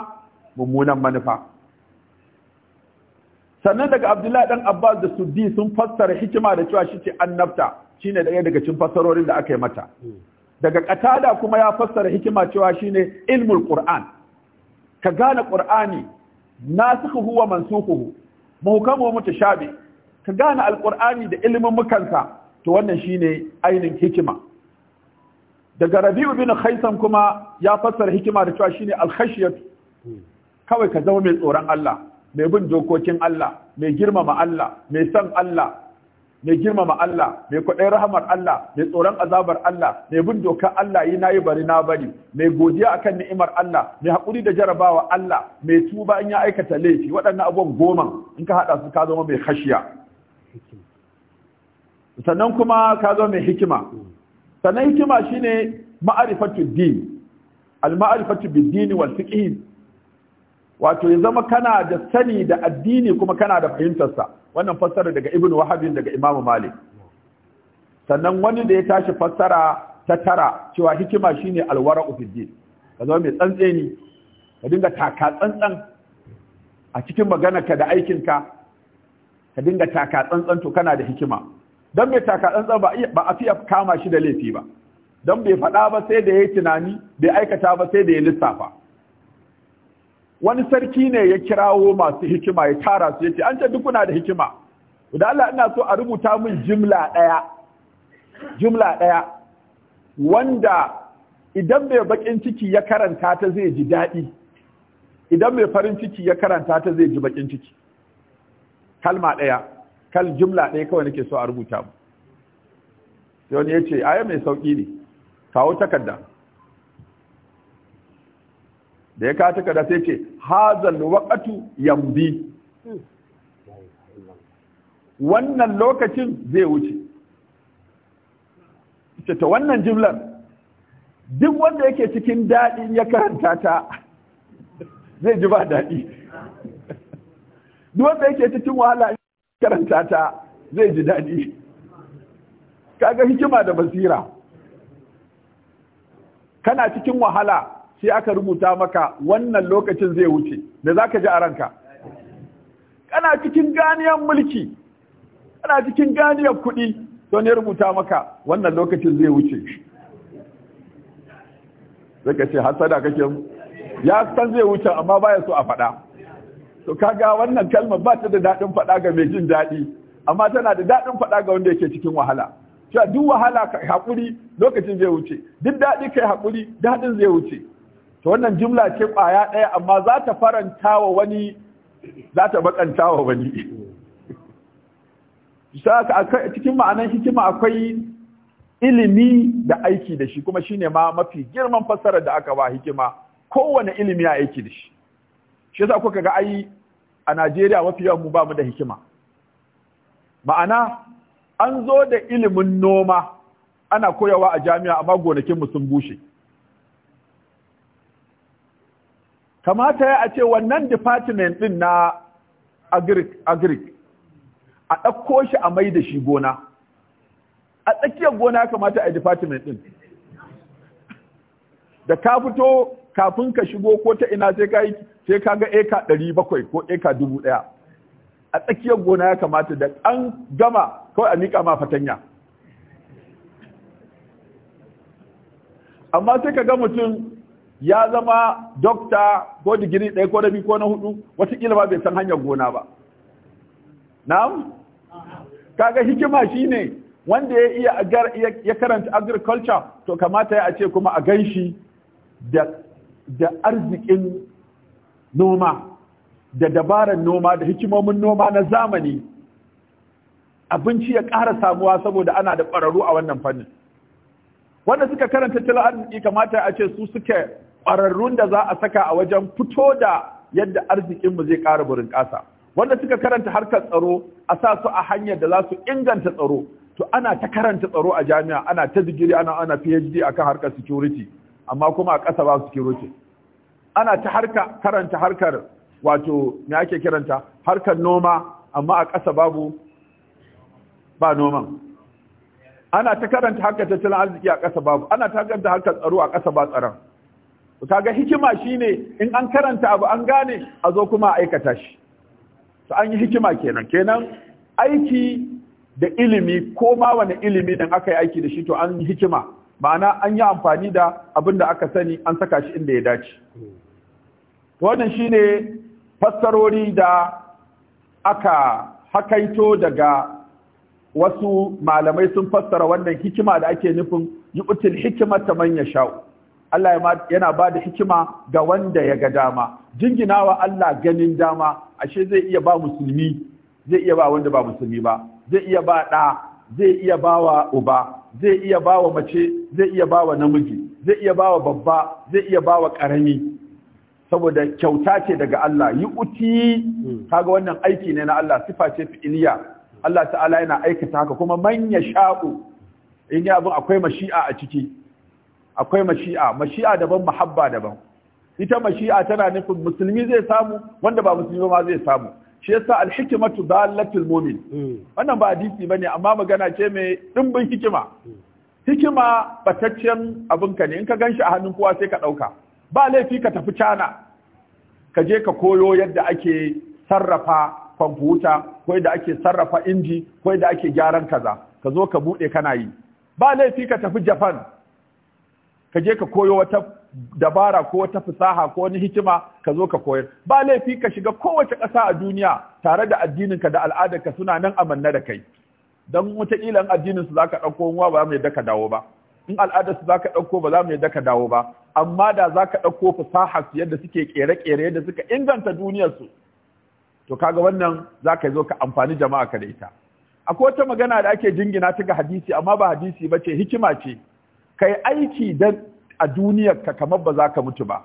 mummunan manufa sannan daga abdullahi dan abbas da suddi sun fassara hikima da cewa shi ce annabta shine daya daga cikin fassarorin da aka yi mata hmm. daga katada kuma ya fassara hikima cewa shine ilmul qur'an ka gane qur'ani nasikhu wa mansukhu muhkamu mutashabi ka gane alkur'ani da ilimin mukansa to wannan shine ainihin hikima daga rabi'u bin khaisan kuma ya fassara hikima da cewa shine alkhashiyat kawai ka zama mai tsoron Allah mai bin dokokin Allah mai girmama Allah mai san Allah mai girmama Allah mai kwaɗayin rahamar Allah mai tsoron azabar Allah mai bin dokar Allah yi nayi bari na bari mai godiya akan ni'imar Allah mai haƙuri da jarabawa Allah mai tuba in ya aikata laifi waɗannan abubuwan goma in ka haɗa su ka zama mai khashiya sannan kuma ka zo mai hikima sannan hikima shine ma'arifatu din al-ma'arifatu dini wal wato ya zama kana da sani da addini kuma kana da fahimtarsa. wannan fassara daga ibn wahabin daga imamu malik sannan wani da ya tashi fassara ta tara cewa hikima shine ne alwara fid-din ka zama mai tsantseni ka dinga taka tsantsan a cikin maganarka da aikinka ka dinga taka tsantsan to kana da hikima dan bai taka tsantsan ba ba a fiya kama shi da laifi ba dan bai faɗa ba sai da yayi tunani bai aikata ba sai da ya lissafa wani sarki ne ya kirawo masu hikima ya tara su yace an ce duk kuna da hikima Idan Allah ina so a rubuta min jimla ɗaya jimla ɗaya wanda idan mai bakin ciki ya karanta ta zai ji daɗi idan mai farin ciki ya karanta ta zai ji bakin ciki kalma ɗaya kal jumla ɗaya kawai nake so a rubuta mu sai wani ya ce aya mai sauƙi ne kawo takarda da ya kawo takarda sai ce hazal waƙatu yambi. wannan lokacin zai wuce ce ta wannan jimlar duk wanda yake cikin daɗi ya karanta ta <laughs> zai ji ba daɗi duk wanda yake cikin wahala karanta ta zai ji daɗi kaga hikima da basira kana cikin wahala sai aka rubuta maka wannan lokacin zai wuce da zaka ji a ranka kana cikin ganiyar mulki kana cikin ganiyar kuɗi to ne rubuta maka wannan lokacin zai wuce Zai ce hasada kake ya san zai wuce amma baya so a faɗa to kaga wannan kalmar ba ta da daɗin faɗa ga mai jin daɗi amma tana da daɗin faɗa ga wanda yake cikin wahala cewa duk wahala ka haƙuri lokacin zai wuce duk daɗi kai haƙuri daɗin zai wuce to wannan jumla ce ƙwaya ɗaya amma za ta faranta wa wani za ta bakanta wa wani cikin ma'anar hikima akwai ilimi da aiki da shi kuma shine ma mafi girman fassara da aka ba hikima kowane ilimi ya aiki da shi shi yasa kuka ga ai a Najeriya mafi yawan mu ba mu da hikima ma'ana an zo da ilimin noma ana koyawa a jami'a amma gonakin mu sun bushe kamata ya a ce wannan department din na agric agric a ɗauko shi a mai da shi gona a tsakiyar gona kamata a department din da ka fito kafin ka shigo ko ta ina sai ka sai ka ga eka ɗari bakwai ko eka dubu ɗaya a tsakiyar gona ya kamata da an gama kawai a miƙa ma fatanya amma sai ka ga mutum ya zama dokta ko digiri ɗaya ko rabi ko na hudu watakila ba bai san hanyar gona ba na'am kaga hikima shine wanda ya iya agar ya karanta agriculture to kamata ya a ce kuma a ganshi da da arzikin noma da dabarar noma da hikimomin noma na zamani abinci ya ƙara samuwa saboda ana da ƙwararru a wannan fannin wanda suka karanta tattalin arziki kamata a ce su suke ƙwararrun da za a saka a wajen fito da yadda arzikinmu zai ƙara burin ƙasa wanda suka karanta harkar tsaro a sa su a hanyar da za su inganta tsaro to ana ta karanta tsaro a jami'a ana ta digiri ana ana phd akan harkar security amma kuma a ƙasa ba su roke. ana ta harka karanta harkar wato me ake kiranta harkar noma amma a ƙasa babu ba noman ana ta karanta harkar tattalin arziki a ƙasa babu ana ta karanta harkar tsaro a ƙasa ba tsaron kaga hikima shine in an karanta abu an gane a zo kuma a aikata shi to an yi hikima kenan kenan aiki da ilimi ko ma wani ilimi dan aka yi aiki da shi to an yi hikima ma'ana an yi amfani da abin da aka sani an saka shi inda ya dace wannan shine fassarori da aka hakaito daga wasu malamai sun fassara wannan hikima da ake nufin yu'til ta man yasha'u Allah yana ba da hikima ga wanda ya ga dama jinginawa Allah ganin dama ashe zai iya ba musulmi zai iya ba wanda ba musulmi ba zai iya ba ɗa zai iya ba wa uba zai iya bawa mace zai iya bawa namiji zai iya bawa babba zai iya bawa karami saboda kyauta ce daga Allah yi uti hmm. kaga wannan aiki ne na Allah sifa ce fi'iliya Allah ta'ala yana aikata haka kuma manya sha'u in ya abin akwai mashi'a a ciki akwai mashi'a mashi'a daban mahabba daban ita mashi'a tana nufin musulmi zai samu wanda ba musulmi ba ma zai samu shi yasa alhikimatu dalatul mu'min hmm. wannan ba hadisi bane amma magana ce mai dimbin hikima hmm. hikima bataccen ka ne in ka ganshi a hannun kowa sai ka ɗauka ba laifi ka tafi cana ka je ka koyo yadda ake sarrafa kwamfuta ko yadda ake sarrafa inji ko yadda ake gyaran kaza ka zo ka bude kana yi ba laifi ka tafi japan ka je ka koyo wata dabara ko wata fasaha ko wani hikima ka zo ka koyar ba laifi ka shiga kowace ƙasa a duniya tare da addininka da al'adarka suna nan amanna da kai don wataƙila in addinin su zaka ɗauko ruwa ba za mu dawo ba in al'adar su zaka ɗauko ba za mu yi dawo ba amma da zaka ɗauko fasaha su yadda suke ƙere-ƙere yadda suka inganta duniyar su to kaga wannan zaka zo ka amfani jama'a ka da ita akwai wata magana da ake jingina ta ga hadisi amma ba hadisi ba ce hikima ce kai aiki dan a duniyar ka kamar ba za ka mutu ba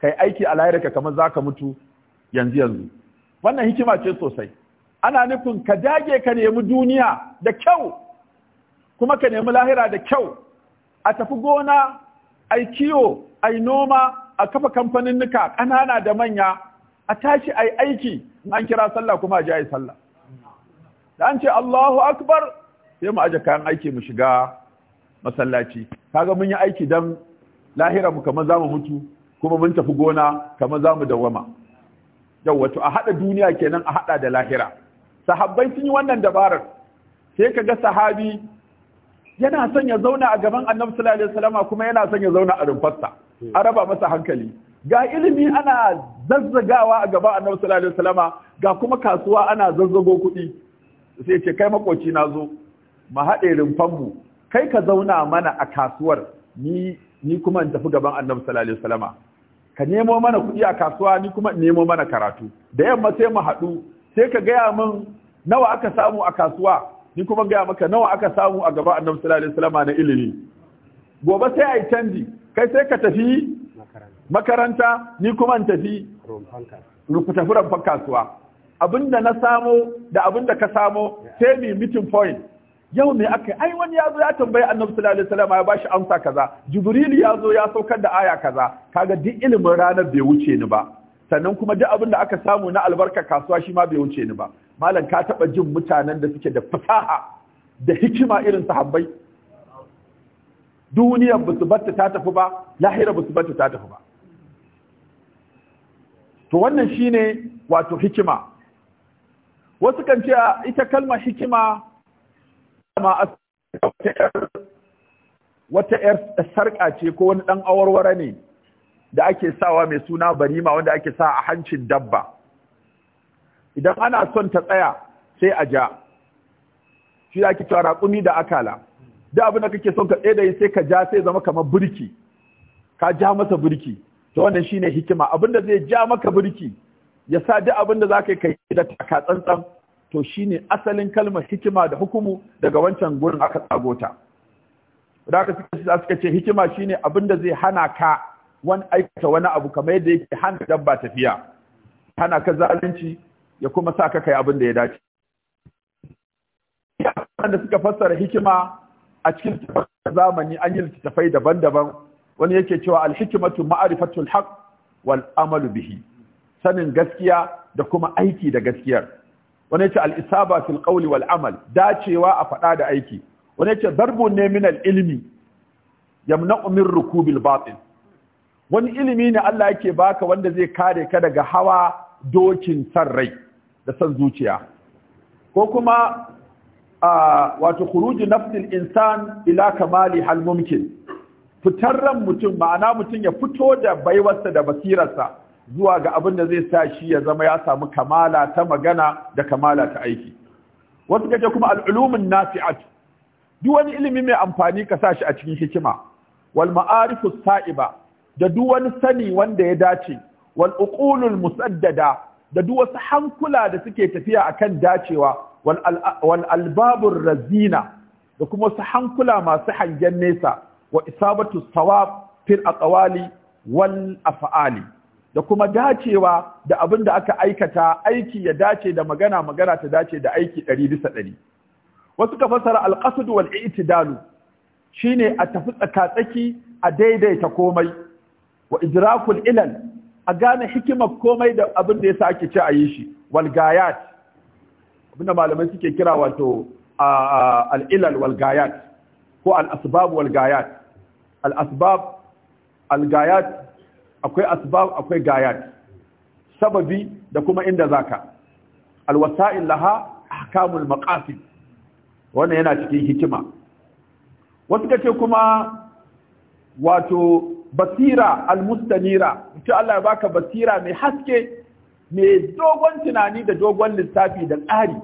kai aiki a lahira ka kamar za ka mutu yanzu yanzu wannan hikima ce sosai ana nufin ka dage ka nemi duniya da kyau kuma ka nemi lahira da kyau a tafi gona a ai kiwo yi noma a kafa kamfanin nuka ƙanana da manya a tashi a yi aiki in an kira sallah kuma a ji sallah da an ce Allahu akbar sai mu aje kayan aiki mu shiga masallaci kaga mun yi aiki don. lahira mu kamar za mutu kuma mun tafi gona kamar za mu dawama wato a haɗa duniya kenan a haɗa da lahira sahabbai sun yi wannan dabarar sai ka ga sahabi yana son ya zauna a gaban annabi sallallahu alaihi wasallam kuma yana son ya zauna a rumfarsa hmm. a raba masa hankali ga ilimi ana zazzagawa a gaban annabi sallallahu alaihi wasallam ga kuma kasuwa ana zazzago kuɗi sai ce kai makoci na zo mu haɗe rumfan mu kai ka zauna mana a kasuwar ni ni kuma in tafi gaban annabi sallallahu alaihi wasallama ka nemo mana kuɗi a kasuwa ni kuma in nemo mana karatu da yamma sai mu haɗu sai ka gaya min nawa aka samu a kasuwa ni kuma gaya maka nawa aka samu a gaban annabi sallallahu alaihi wasallama na ilimi gobe sai ai canji kai sai ka tafi makaranta ni kuma in tafi rumfan kasuwa abinda na samo da abinda ka samo sai mi meeting point yau ne aka ai wani ya zo ya tambayi annabi sallallahu alaihi wasallam ya bashi amsa kaza jibril ya zo ya saukar da aya kaza kaga duk ilimin ranar bai wuce ni ba sannan kuma duk abin da aka samu na albarka kasuwa shi ma bai wuce ni ba malam ka taba jin mutanen da suke da fasaha da hikima irin sahabbai ba su batta ta tafi ba lahira su batta ta tafi ba to wannan shine wato hikima wasu kan ce ita kalmar hikima dama wata ‘yar sarƙa ce ko wani ɗan awarwara ne da ake sawa mai suna barima wanda ake sa a hancin dabba. Idan ana son ta tsaya sai a ja, shi da ake cewa raƙumi da akala. Da abin da kake son ka tsaye da yi sai ka ja sai zama kamar birki, ka ja masa birki. To wannan shine hikima abin da zai ja maka birki ya sa duk abin da za ka yi da taka tsantsan to shi ne asalin kalmar hikima da hukumu daga wancan gurin aka tsagota da aka suka ce hikima shi ne abin da zai hana ka wani aikata wani abu kamar yadda yake hana dabba tafiya hana ka zalunci ya kuma sa ka kai abin da ya dace wanda suka fassara hikima a cikin zamani an yi littattafai daban-daban wani yake cewa alhikimatu ma'arifatul haq wal amalu bihi sanin gaskiya da kuma aiki da gaskiyar wani yace al-isaba fil qawli wal amal dacewa a faɗa da aiki wani yace darbun ne min al-ilmi yamna'u min rukubil batil wani ilimi ne Allah yake baka wanda zai kare ka daga hawa dokin san rai da san zuciya ko kuma wato khuruji nafsil insan ila kamali hal mumkin fitar ran mutum ma'ana mutum ya fito da baiwarsa da basirarsa zuwa ga abin da zai sa shi ya zama ya samu kamala ta magana da kamala ta aiki wasu kace kuma al'ulumin nafi'at duk wani ilimi mai amfani ka sa shi a cikin hikima wal ma'arifu sa'iba da duk wani sani wanda ya dace wal uqulul musaddada da duk wasu hankula da suke tafiya akan dacewa wal albabur razina da kuma wasu hankula masu hangen nesa wa isabatu sawab fil aqwali wal af'ali da kuma dacewa da abin da aka aikata aiki ya dace da magana magana ta dace da aiki ɗari bisa ɗari wasu ka fasara alƙasud wal i'tidalu shine a tafi tsakatsaki a daidaita komai wa idrakul ilal a gane hikimar komai da abin da ya ake ci a yi shi wal gayat da malamai suke kira wato al ilal wal gayat ko al asbab wal gayat al al gayat akwai asbab akwai gayat sababi da kuma inda zaka alwasa'il laha ahkamul maqasid wannan yana cikin hikima wasu kace kuma wato basira almustanira ta Allah ya baka basira mai haske mai dogon tunani da dogon lissafi da tsari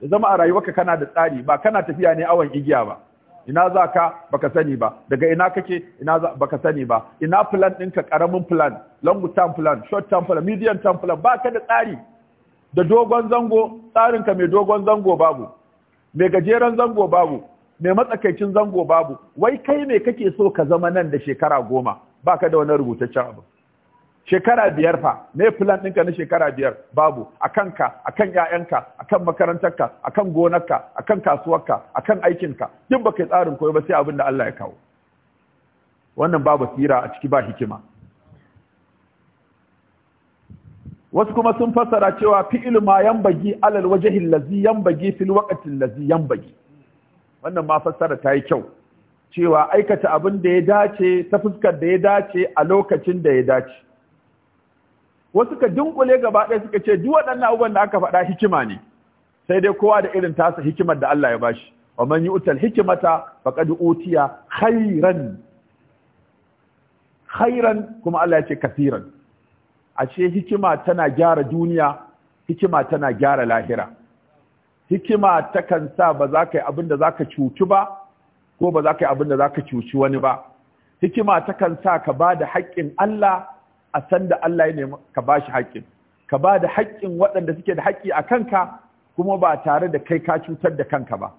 ya zama a rayuwarka kana da tsari ba kana tafiya ne awon igiya ba ina za ka baka sani ba daga ina kake ina za baka sani ba ina plan ɗinka ƙaramin plan long term plan short term plan medium term plan ba ka da tsari da dogon zango tsarinka mai dogon zango babu mai gajeren zango babu mai matsakaicin zango babu wai kai me kake so ka zama nan da shekara goma ba ka da wani rubutaccen abu shekara biyar fa me plan ɗinka na shekara biyar babu a kanka a kan ƴaƴanka a kan makarantarka a kan gonarka a kan kasuwarka a kan aikinka duk ba yi tsarin koyi ba sai abin da Allah ya kawo wannan babu tsira a ciki ba hikima wasu kuma sun fassara cewa fi'il yan bagi alal wajhi allazi yanbagi fil waqti allazi bagi. wannan ma fassara ta yi kyau cewa aikata abin da ya dace ta fuskar da ya dace a lokacin da ya dace wasu ka dunkule gaba ɗaya suka ce duk waɗannan abubuwan da aka faɗa hikima ne sai dai kowa da irin tasa hikimar da Allah ya bashi wa man yu'tal hikimata faqad utiya khairan khairan kuma Allah ya ce kasiran ashe hikima tana gyara duniya hikima tana gyara lahira hikima takan sa ba za ka yi abin da za ka cuci ba ko ba za ka yi abin da za ka cuci wani ba hikima takan sa ka ba da haƙƙin Allah a sanda Allah ya nemi ka ba shi haƙƙin ka ba da haƙƙin waɗanda suke da haƙƙi a kanka kuma ba tare da kai ka cutar da kanka ba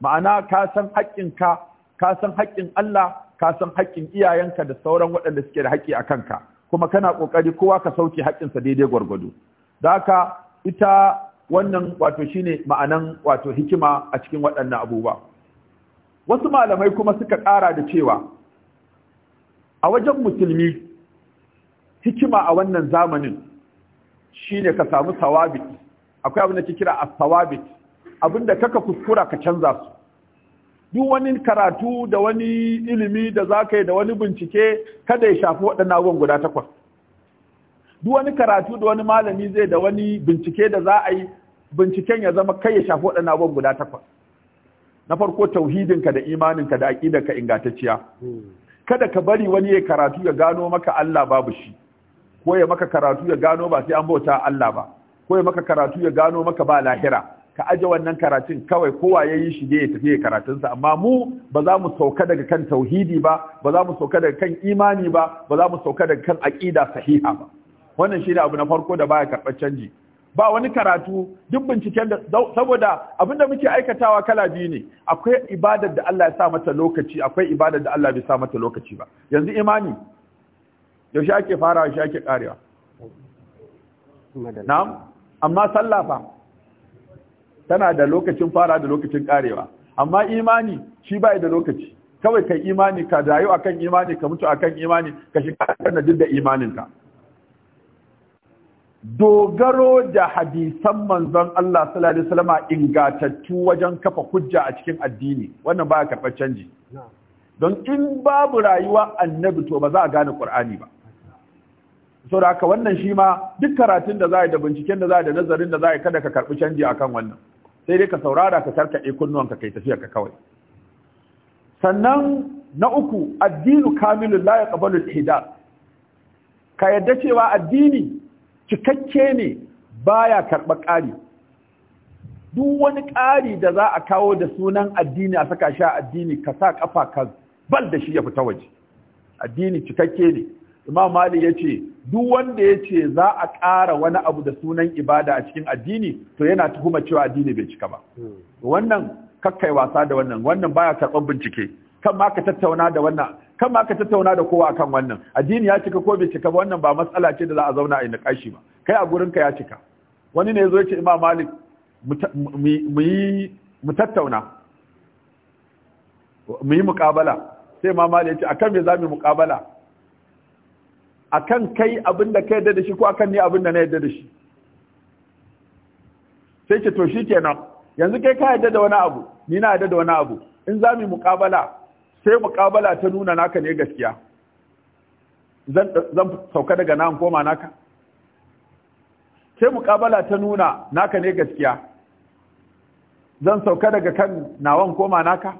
ma'ana ka san haƙƙinka ka san haƙƙin Allah ka san haƙƙin iyayenka da sauran waɗanda suke da haƙƙi a kanka kuma kana ƙoƙari kowa ka sauke haƙƙinsa daidai gwargwado da haka ita wannan wato shine ma'anan wato hikima a cikin waɗannan abubuwa wasu malamai kuma suka ƙara da cewa a wajen musulmi hikima a wannan zamanin shine ka samu sawabit akwai abin da ke kira a sawabit abinda kaka kuskura ka canza su duk wani karatu da wani ilimi da ka yi da wani bincike kada ya shafi waɗannan abubuwan guda takwas duk wani karatu da wani malami zai da wani bincike da za a yi binciken ya zama kai ya shafi waɗannan abubuwan guda takwas na farko tauhidinka da imaninka da aƙidarka ingantacciya hmm. kada ka bari wani ya karatu ya gano maka Allah babu shi ko ya maka karatu ya gano ba sai an bauta Allah ba ko ya maka karatu ya gano maka ba lahira ka aje wannan karatun kawai kowa ya yi shi ne ya tafi sa amma mu ba za mu sauka daga kan tauhidi ba ba za mu sauka daga kan imani ba ba za mu sauka daga kan aqida sahiha ba wannan shi ne abu na farko da baya karɓar canji ba wani karatu duk binciken da saboda abin da muke aikatawa kala biyu ne akwai ibadar da Allah ya sa mata lokaci akwai ibadar da Allah bai sa mata lokaci ba yanzu imani Da shi ake farawa shi ake karewa na'am amma sallah fa tana da lokacin fara da lokacin karewa amma imani shi bai da lokaci kawai kai imani ka dayo akan imani ka mutu akan imani ka shiga kan duk da imaninka dogaro da hadisan manzon Allah sallallahu alaihi wasallam ingatattu wajen kafa hujja a cikin addini wannan baya karɓar canji don in babu rayuwa annabi to ba za a gane qur'ani ba da haka wannan shi ma duk karatun da za a da binciken da za a da nazarin da za a kada ka karɓi canji akan wannan sai dai ka saurara ka tarkaɗe kunnuwanka kai tafiya ka kawai sannan na uku addinu kamilun la yaqbalu al ka yadda cewa addini cikakke ne baya karɓar ƙari duk wani ƙari da za a kawo da sunan addini a saka sha addini ka sa ƙafa ka bal da shi ya fita waje addini cikakke ne imam malik ya ce duk wanda ya ce za a ƙara wani abu da sunan ibada a cikin addini to yana tuhuma cewa addini bai cika ba hmm. wannan kakkai wasa da wannan wannan baya karɓar bincike kan ma ka tattauna da wannan kan ma ka tattauna da kowa akan wannan addini ya cika ko bai cika ba wannan ba matsala ce da za a zauna a yi nakashi ba kai a gurin ka ya cika wani ne zo ya imam malik mu yi mu tattauna mu yi muƙabala sai imam malik ya ce akan me za mu yi muƙabala akan kai abin da ka yadda da shi ko akan ni abin da na yadda da shi sai ce to shi kenan yanzu kai ka yadda da wani abu ni na yadda da wani abu in za mu muƙabala sai muƙabala ta nuna naka ne gaskiya zan sauka daga nan koma naka sai muƙabala ta nuna naka ne gaskiya zan sauka daga kan nawan koma naka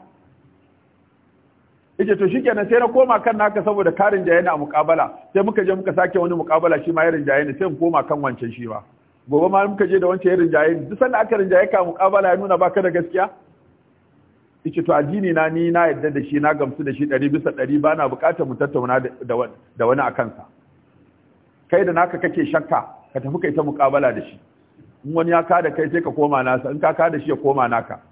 yace to shikenan sai na koma kan naka saboda karin jaye a mukabala sai muka je muka sake wani mukabala shi ma ya rinjaye ne sai mu koma kan wancan shi ba gobe ma muka je da wancan ya rinjaye duk sanda aka rinjaye ka mukabala ya nuna baka da gaskiya yace to addini na ni na yadda da shi na gamsu da shi 100 bisa 100 ba na bukatar mu tattauna da wani akan sa kai da naka kake shakka ka tafi kai ta mukabala da shi in wani ya ka da kai sai ka koma nasa in ka ka da shi ya koma naka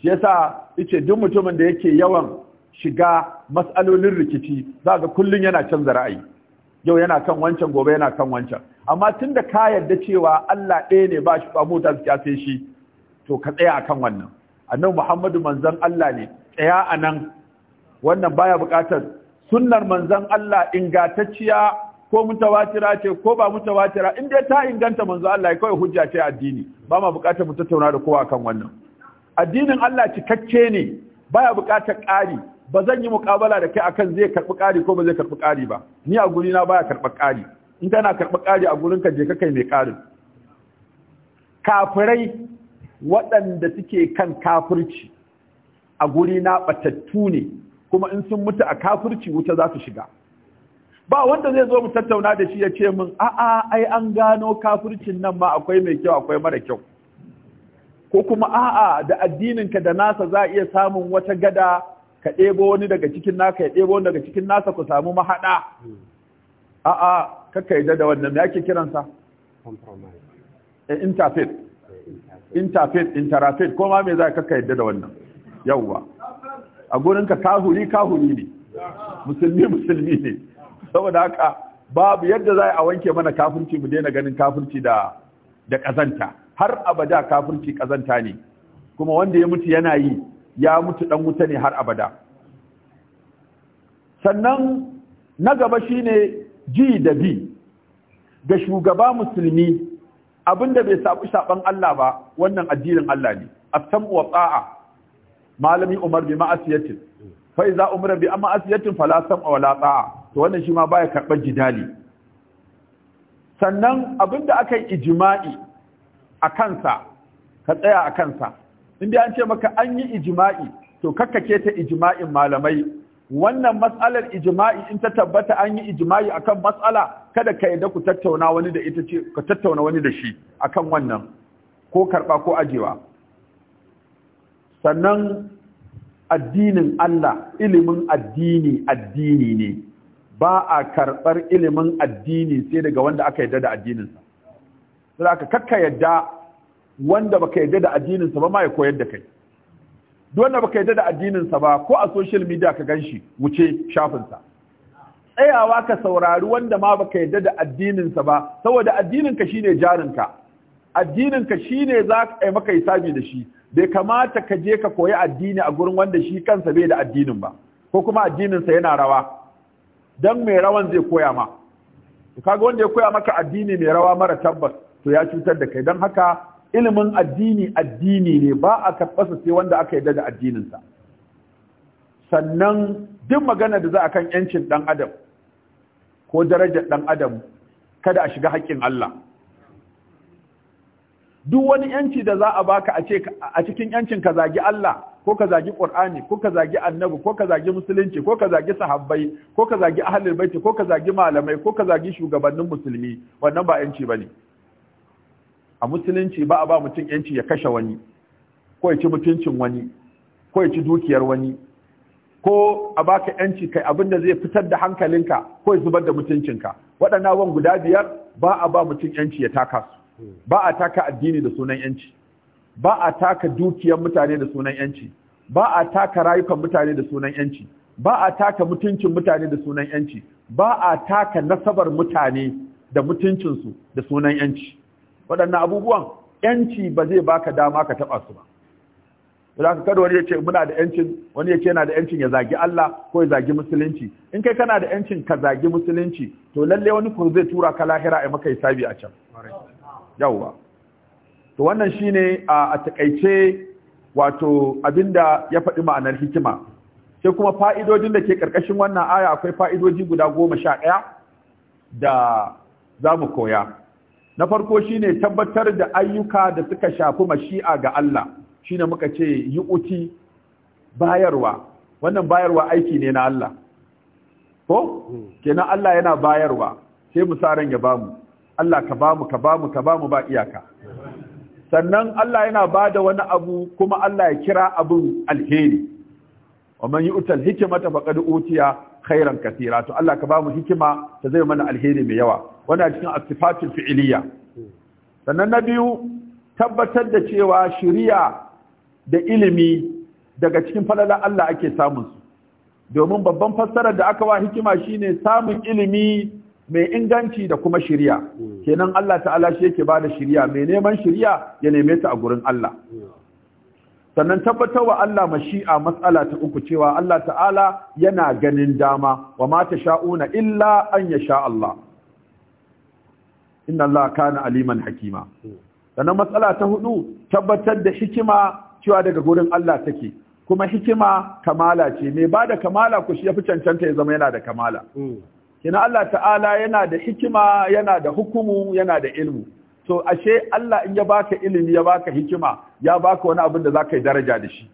shi yasa yace duk mutumin da yake yawan shiga matsalolin rikici za ga kullum yana canza ra'ayi yau yana kan wancan gobe yana kan wancan amma tun da ka yarda cewa Allah ɗaya ne ba shi ba mota su kyafe shi to ka tsaya a kan wannan annabi Muhammadu manzon Allah ne tsaya a nan wannan baya buƙatar sunnar manzon Allah ingantacciya ko mutawatira ce ko ba mutawatira in dai ta inganta manzon Allah kai hujja ce addini ba ma buƙatar mu tattauna da kowa kan wannan addinin Allah cikakke ne baya buƙatar ƙari ba zan yi mukabala da kai akan zai karbi ƙari ko ba zai karɓi ƙari ba ni a guri na baya karɓar ƙari in kana karɓar ƙari a gurin ka je ka kai mai ƙarin kafirai waɗanda suke kan kafirci a guri na batattu ne kuma in sun mutu a kafirci wuta za su shiga ba wanda zai zo mu tattauna da shi ya ce min a'a ai an gano kafircin nan ma akwai mai kyau akwai mara kyau ko kuma a'a da addinin ka da nasa za a iya samun wata gada ka ɗebo wani daga cikin naka ya ɗebo wani daga cikin nasa ku samu mahaɗa hmm. a'a kakka yi da wannan me ake kiransa eh, interfaith eh, interfaith interfaith ko ma me za kakka yi da wannan yawwa a gurin ka kahuri kahuri ne musulmi musulmi ne saboda haka babu yadda za a wanke mana kafirci mu daina ganin kafirci da da kazanta har abada kafirci kazanta ne kuma wanda ya mutu yana yi ya mutu dan wuta ne har abada sannan na gaba shine ji da bi ga shugaba musulmi abinda bai sabu saban Allah ba wannan addinin Allah ne a samu wa ta'a malami Umar bi ma'asiyatin fa iza umira bi ma'asiyatin fala sam'a wala ta'a to wannan shi ma baya karban jidali sannan abinda aka yi ijma'i a kansa ka tsaya a kansa in an ce maka an yi ijima'i. to kakkake ta ijma'in malamai wannan matsalar ijima'i in ta tabbata an yi ijima'i akan matsala kada ka yadda ku tattauna wani da ita ce ka tattauna wani da shi akan wannan ko karba ko ajewa sannan addinin Allah ilimin addini addini ne ba a karɓar ilimin addini sai daga wanda aka yadda da addininsa. Sai aka kakka yadda wanda baka yarda da addinin sa ba ma ya koyar da kai duk wanda baka yarda da addinin sa ba ko a social media ka ganshi wuce shafinsa. tsayawa ka saurari wanda ma baka yarda da addininsa ba saboda addinin ka shine jarin ka addinin ka shine za ka yi maka hisabi da shi bai kamata ka je ka koyi addini a gurin wanda shi kansa bai da addinin ba ko kuma addinin sa yana rawa dan mai rawan zai koya ma kaga wanda ya koya maka addini mai rawa mara tabbas to ya cutar da kai dan haka ilimin addini addini ne ba a karɓarsa sai wanda aka yarda da addininsa sannan duk magana da za a kan yancin ɗan adam ko darajar ɗan adam kada a shiga haƙƙin Allah duk wani yanci da za a baka a cikin yancin ka zagi Allah ko ka zagi Qur'ani ko ka zagi Annabi ko ka zagi musulunci ko ka zagi sahabbai ko ka zagi ahlul baiti ko ka zagi malamai ko ka zagi shugabannin musulmi wannan ba yanci bane a musulunci ba a ba mutum yanci ya kashe wani ko ya ci mutuncin wani ko ya ci dukiyar wani ko a baka yanci kai abin da zai fitar da hankalinka ko ya zubar da mutuncinka waɗannan wan guda biyar ba a ba mutum yanci ya taka su ba a taka addini da sunan yanci ba a taka dukiyar mutane da sunan yanci ba a taka rayukan mutane da sunan yanci ba a taka mutuncin mutane da sunan yanci ba a taka nasabar mutane da mutuncinsu da sunan yanci waɗannan abubuwan yanci ba zai baka dama ka taɓa su ba ka kada wani ya ce muna da yancin wani ya ce yana da yancin ya zagi Allah ko ya zagi musulunci in kai kana da yancin ka zagi musulunci to lalle wani kuma zai tura ka lahira a maka hisabi a can yawwa to wannan shine a wato abinda ya faɗi ma'anar hikima sai kuma fa'idojin da ke ƙarƙashin wannan aya akwai fa'idoji guda goma sha ɗaya da za mu koya na farko shine tabbatar da ayyuka da suka shafi mashi'a ga Allah shine muka ce yi uti bayarwa wannan bayarwa aiki ne na Allah ko kenan Allah yana bayarwa sai mu sa ran ya bamu Allah ka bamu ka bamu ka bamu ba iyaka sannan Allah yana bada wani abu kuma Allah ya kira abun alheri wa man yu'tal hikmata faqad utiya khairan kathira to Allah ka ba mu hikima ta zai mana alheri mai yawa wannan cikin asifatul fi'iliya sannan na biyu tabbatar da cewa shiriya da ilimi daga cikin falalan Allah ake samun su domin babban fassarar da aka wa hikima shine samun ilimi mai inganci da kuma shiriya hmm. kenan Allah ta'ala shi yake bada shiriya mai neman shiriya ya neme ta a gurin Allah hmm. sannan tabbatar wa Allah mashi'a matsala ta uku cewa Allah ta'ala yana ganin dama wa mata sha'una illa an ya sha Allah inna Allah kana aliman hakima sannan matsala ta hudu tabbatar da hikima cewa daga gurin Allah take kuma hikima kamala ce mai bada kamala ku shi ya fi cancanta ya zama yana da kamala hmm. kina Allah ta'ala yana da hikima yana da hukumu yana da ilmu to ashe Allah in ya baka ilimi ya baka hikima ya baka wani abin da zaka yi daraja da shi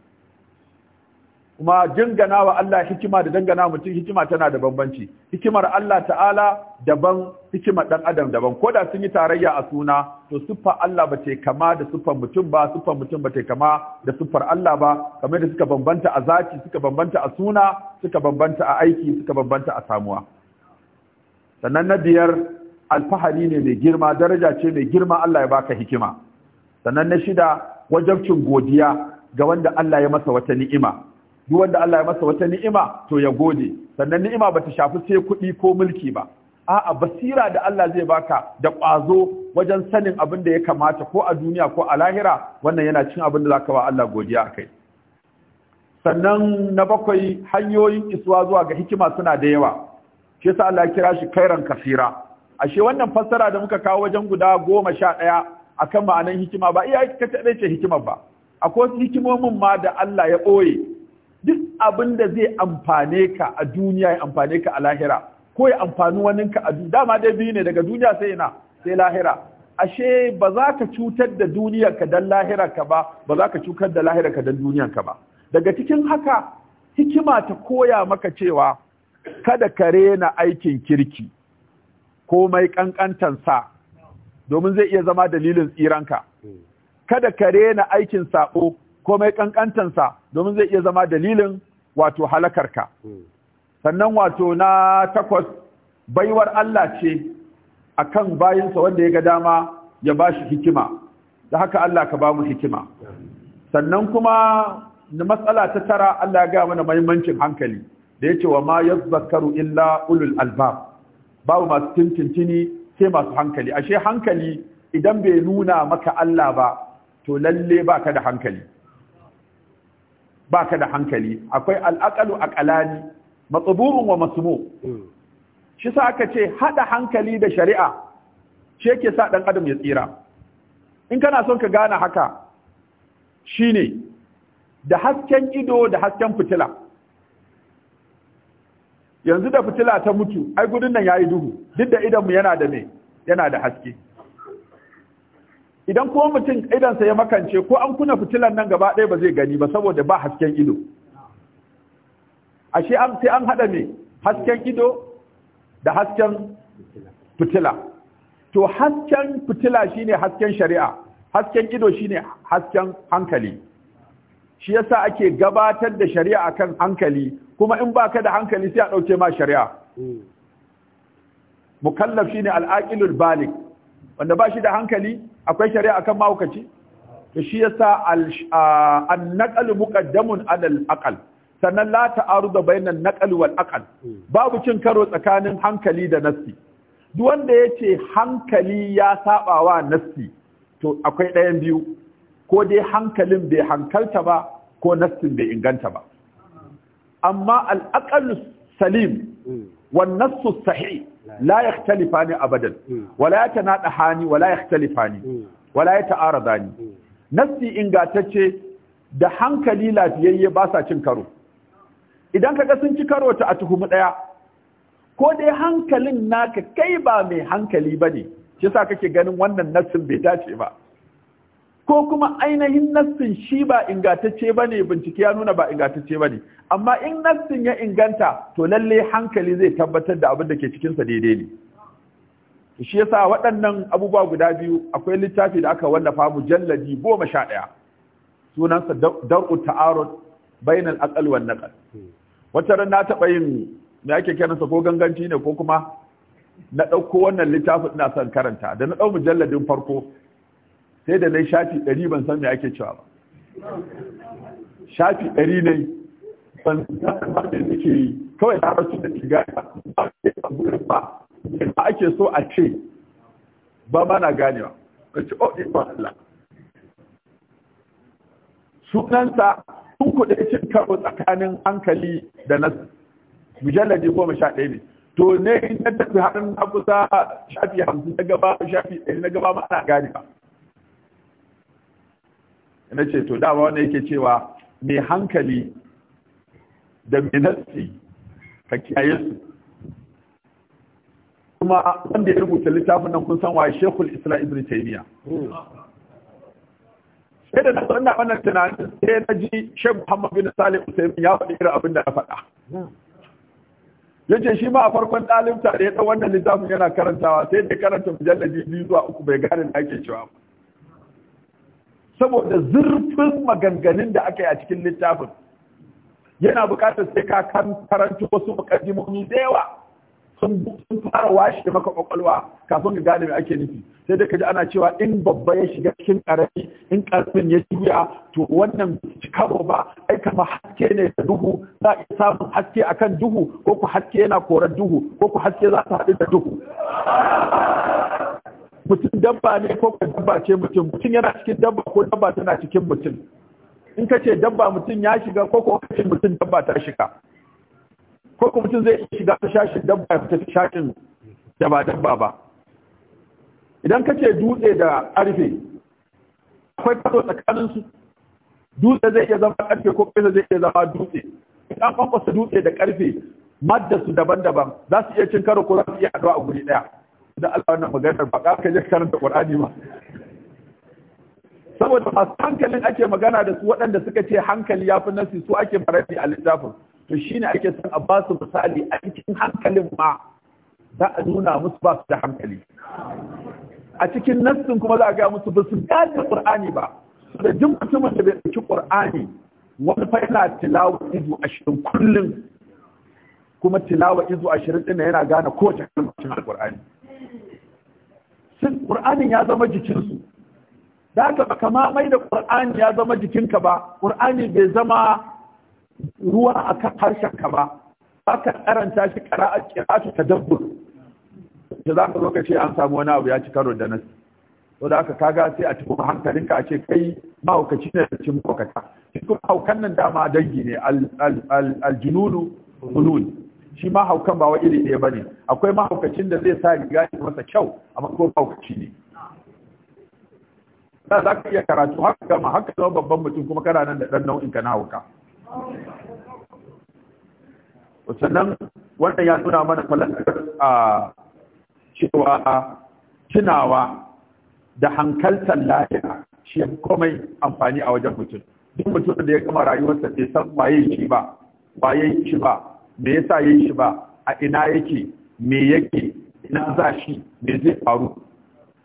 kuma dangana wa Allah hikima da dangana mutum hikima tana da bambanci hikimar Allah ta'ala daban hikimar dan adam daban koda sun yi tarayya a suna to siffa Allah ba kama da siffar mutum ba siffar mutum ba kama da siffar Allah ba kamar da suka bambanta a zaci, suka bambanta a suna suka bambanta a aiki suka bambanta a samuwa sannan na biyar alfahari ne mai girma daraja ce mai girma Allah ya baka hikima sannan na shida wajabcin godiya ga wanda Allah ya masa wata ni'ima duk wanda Allah ya masa wata ni'ima to ya gode sannan ni'ima bata shafi sai kuɗi ko mulki ba a'a basira da Allah zai baka da ƙwazo wajen sanin abin da ya kamata ko a duniya ko a lahira wannan yana cin abin da zaka ba Allah godiya kai. sannan na bakwai hanyoyin isuwa zuwa ga hikima suna da yawa shi yasa Allah ya kira shi kairan kafira ashe wannan fassara da muka kawo wajen guda goma sha ɗaya akan ma'anan hikima ba iya ka taɓe ce hikimar ba akwai wasu hikimomin ma da Allah ya ɓoye duk abin da zai amfane ka a duniya ya amfane ka a lahira ko ya amfani ka a duniya dama dai biyu ne daga duniya sai ina sai lahira ashe ba za ka cutar da duniyarka don lahirarka ba ba za ka cutar da lahirarka don duniyarka ba daga cikin haka hikima ta koya maka cewa kada ka rena aikin kirki komai ƙanƙantansa domin zai iya zama dalilin tsiranka kada ka rena aikin saɓo komai ƙanƙantansa domin zai iya zama dalilin wato halakarka sannan wato na takwas baiwar Allah ce a kan bayinsa wanda ya ga dama ya ba shi hikima da haka Allah ka ba mu hikima sannan kuma na matsala ta tara Allah ya gaya mana mahimmancin hankali da ya ce wa ma zakaru illa ulul albab babu masu tintintini sai masu hankali ashe hankali idan bai nuna maka Allah ba to lalle baka da hankali baka da hankali akwai al'aqalu aqalani matsuburun wa masmu shi sa aka ce hada hankali da shari'a shi yake sa dan adam ya tsira in kana son ka gane haka shine da hasken ido da hasken fitila yanzu da fitila ta mutu ai gudun nan yayi duhu duk da idan yana da me yana da haske idan kuma mutum idansa ya makance ko an kuna fitilan nan gaba ɗaya ba zai gani ba saboda ba hasken ido ashe an sai an haɗa me hasken ido da hasken fitila to hasken fitila shine hasken shari'a hasken ido shine hasken hankali shi yasa ake gabatar da shari'a kan hankali kuma in baka da hankali sai a ɗauke ma shari'a hmm. mukallaf shine al-aqilul balig wanda ba shi da hankali akwai shari'a akan mahaukaci to shi yasa an-naqal muqaddamun ala al-aqal sannan la ta'arudu bayna an-naqal wal aqal hmm. babu cin karo tsakanin hankali da nassi duk wanda ce hankali ya sabawa nassi to akwai ɗayan biyu ko dai hankalin bai hankalta ba ko nassin bai inganta ba amma al'aqal salim wan nassu sahih la a abadan wala hani? wala ne wala yata'aradani nassi ingatacce da hankali lafiyayye ba sa cin karo idan ka ga sun ci karo ta a tuhumi ɗaya, ko dai hankalin naka kai ba mai hankali bane shi yasa kake ganin wannan nassin bai dace ba ko kuma ainihin nassin shi ba ingantacce ba ne bincike ya nuna ba ingantacce ba ne amma in nassin ya inganta to lallai hankali zai tabbatar da abin da ke cikinsa daidai ne shi yasa waɗannan abubuwa guda biyu akwai littafi da aka wallafa mujalladi goma sha ɗaya sunansa dar'u ta'arud bainal aqal wan naqal wata ran na taɓa yin me ake kiransa ko ganganci ne ko kuma na ɗauko wannan littafin ina son karanta da na ɗau mujalladin farko sai da nai shafi ɗari ban san me ake cewa ba shafi ɗari ne ban san da nake yi kawai na rasu da shiga ba ba ake so a ce ba ba na ganewa Ba ce o oh, ɗin Allah sunansa sun kuɗe cin karo tsakanin hankali da nasu mujalladi goma sha ɗaya ne to ne in yadda tafi haɗin na kusa shafi hamsin na gaba shafi ɗari na gaba ma ana ganewa na ce to dama wanda yake cewa mai hankali da minasti ka kiyaye su kuma wanda ya rubuta littafin nan kun san wa shekul islam ibn taymiya sai da na sanna wannan tunanin sai na ji shek muhammad bin salim usaimin ya faɗi irin abin da na faɗa ce shi ma a farkon ɗalibta da ya ɗan wannan littafin yana karantawa sai da karanta mujallaji biyu zuwa uku bai gane da ake cewa ba saboda zurfin maganganun da aka yi a cikin littafin yana bukatar sai ka kan karanta wasu mukaddimomi da yawa sun fara washe maka kwakwalwa kafin ka gane me ake nufi sai da ka ji ana cewa in babba ya shiga cikin karami in karfin ya juya to wannan karo ba ai kama haske ne da duhu za a iya samun haske akan duhu ko ku haske yana korar duhu ko ku haske za su haɗu da duhu mutum dabba ne ko ko dabba ce mutum mutum yana cikin dabba ko dabba tana cikin mutum in ka ce dabba mutum ya shiga ko ko ka ce mutum dabba ta shiga ko ko mutum zai shiga ta shashin dabba ya fita shashin da ba dabba ba idan ka ce dutse da ƙarfe akwai kaso tsakanin su dutse zai iya zama ƙarfe ko ƙarfe zai iya zama dutse idan an kwasa dutse da ƙarfe madda su daban-daban za su iya cin karo ko za su iya haɗuwa a guri ɗaya da Allah wannan maganar ba ka je karanta Qur'ani ba saboda masu hankalin ake magana da su waɗanda suka ce hankali ya fi nasi su ake farafi a littafin to shine ake son a ba su misali a cikin hankalin ma za a nuna musu ba su da hankali a cikin nassin kuma za a gaya musu ba su gane qur'ani ba da jin mutumin da bai ɗauki qur'ani wani fa yana tilawa izu ashirin kullum kuma tilawa izu ashirin ɗin yana gane kowace kalmar cikin sun ƙur'anin ya zama jikinsu da ka baka ma mai da ƙur'ani ya zama jikinka ba ƙur'ani bai zama ruwa a kan harshenka ba aka karanta shi ƙara'a ƙira'atu ta dabbur da za ka zo an samu wani abu ya ci karo da nasi to da aka kaga sai a tafi hankalinka a ce kai mahaukaci ne da cin mahaukata cikin haukan nan dama dangi ne aljununu hununi shi ma haukan ba wa iri ɗaya ba ne. akwai mahaukacin da zai sa riga ne masa kyau a ko mahaukaci ne da za ka iya karatu haka gama haka zama babban mutum kuma kana nan da ɗan nau'in ka na hauka sannan wannan ya nuna mana falakar a cewa tunawa da hankaltar lahira shi ya komai amfani a wajen mutum duk mutum da ya kama rayuwarsa bai san waye shi ba waye shi ba me yasa yin shi ba a ina yake me yake ina za shi me zai faru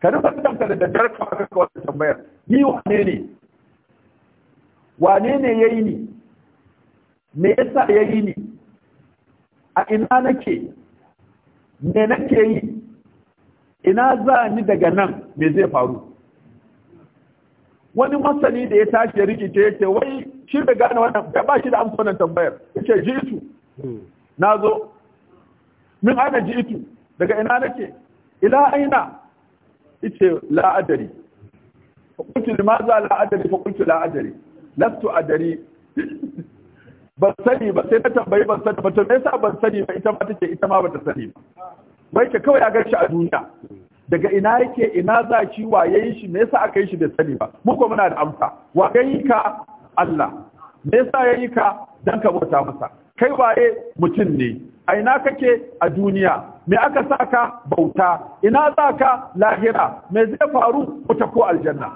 ka su kanka da daddar ka kaka wata tambayar ni wane ne wane ne ya yi ni me yasa yi ni a ina nake me nake yi ina za ni daga nan me zai faru wani masani da ya tashi ya rikice ya ce wai shi da gane wannan ba shi da amsa wannan tambayar ya ce jisu na zo min ana ji itu daga ina nake ila aina ice la adari fakultu limaza la adari fakultu la adari lastu adari <laughs> ban sani ba sai ta tambayi ban sani ba to me yasa ban sani ba ita ma take ita ma bata sani ba bai ke kawai a garshi a duniya daga ina yake ina za shi wa shi me yasa aka yi shi da sani ba mu ko muna da amsa wa yi ka Allah me yasa yayi ka dan ka bauta masa kai waye mutum ne a ina kake a duniya me aka saka bauta ina za ka lahira me zai faru wuta ko aljanna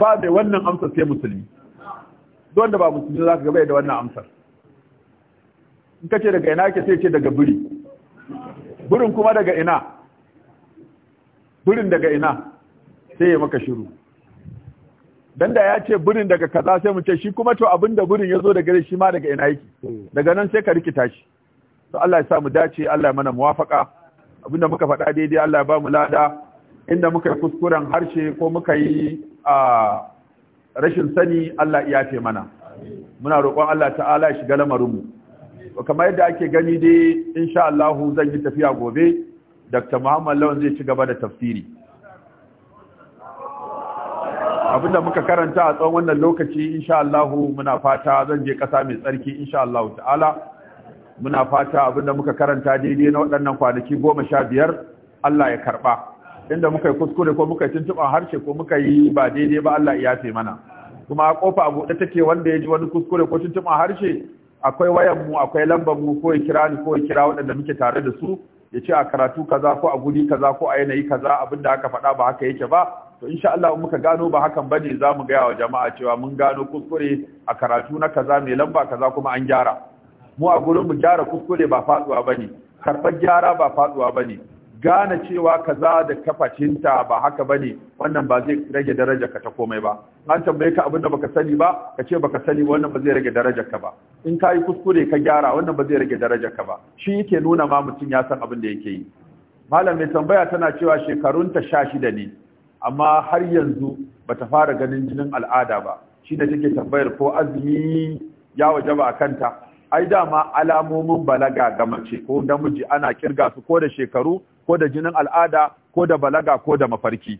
ba da wannan amsar sai musulmi don da ba musulmi za ka gaba da wannan amsar in ka ce daga ina ke sai ce daga biri birin kuma daga ina birin daga ina sai ya maka shiru dan da ya ce burin daga kaza sai mu ce shi kuma to abin da burin ya zo daga shi ma daga ina yake hmm. daga nan sai ka rikita shi to Allah ya sa mu dace Allah ya mana muwafaka abin da muka faɗa daidai Allah ya ba mu lada inda muka yi kuskuren harshe ko muka yi a rashin sani Allah ya ce mana muna roƙon Allah ta'ala ya shiga lamarin mu kamar yadda ake gani dai insha Allah zan yi tafiya gobe Dr. Muhammad Lawan zai ci gaba da tafsiri abinda muka karanta a tsawon wannan lokaci insha Allah muna fata zan je kasa mai tsarki insha Allah ta'ala muna fata abinda muka karanta daidai na waɗannan kwanaki goma sha biyar Allah ya karɓa inda muka yi kuskure ko muka yi tuntuɓa harshe ko muka yi ba daidai ba Allah ya yafe mana kuma a kofa a buɗe take wanda ya ji wani kuskure ko tuntuɓa harshe akwai wayan mu akwai lambar mu ko ya kira ni ko ya kira waɗanda muke tare da su ya ce a karatu kaza ko a guri kaza ko a yanayi kaza abin da aka faɗa ba haka yake ba to insha Allah in muka gano ba hakan bane za mu gaya wa jama'a cewa mun gano kuskure a karatu na kaza mai lamba kaza kuma an gyara mu a gurin mu gyara kuskure ba faduwa bane karɓar gyara ba faduwa bane gane cewa kaza da kafacinta ba haka bane wannan ba zai rage daraja ka ta komai ba an tambaye ka abin da baka sani ba ka ce baka sani ba wannan ba zai rage darajar ka ba in ka yi kuskure ka gyara wannan ba zai rage darajar ka ba shi yake nuna ma mutum ya san abin da yake yi malam mai tambaya tana cewa shekarun ta sha shida ne amma har yanzu bata fara ganin jinin al'ada ba shi da take tambayar ko azumi ya wajaba a kanta ai dama alamomin balaga ga mace ko namiji ana kirga su ko da shekaru ko da jinin al'ada ko da balaga ko da mafarki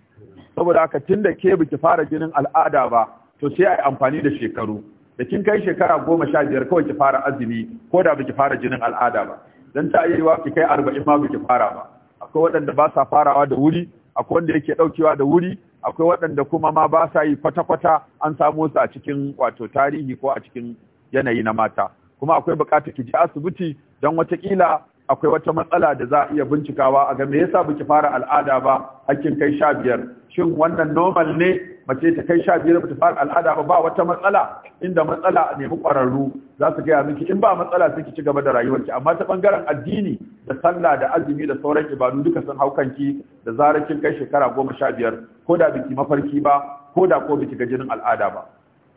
saboda haka tun da ke biki fara jinin al'ada ba to sai a yi amfani da shekaru da kin kai shekara goma sha biyar kawai ki fara azumi ko da biki fara jinin al'ada ba dan ta yi wa ki kai arba'in ma biki fara ba akwai waɗanda ba sa farawa da wuri akwai wanda yake ɗaukewa da wuri akwai waɗanda kuma ma ba sa yi kwata-kwata an samo su a cikin wato tarihi ko a cikin yanayi na mata kuma akwai buƙatar ki je asibiti don watakila akwai wata matsala da za a iya bincikawa a game me yasa biki fara al'ada ba hakkin kai sha biyar shin wannan normal ne mace ta kai sha biyar ta fara al'ada ba ba wata matsala inda matsala a nemi ƙwararru za su gaya miki in ba matsala sai ki ci gaba da rayuwarki amma ta bangaren addini da sallah da azumi da sauran ibadu duka sun hau kanki da zarar kin kai shekara goma sha biyar ko da biki mafarki ba ko da ko biki ga jinin al'ada ba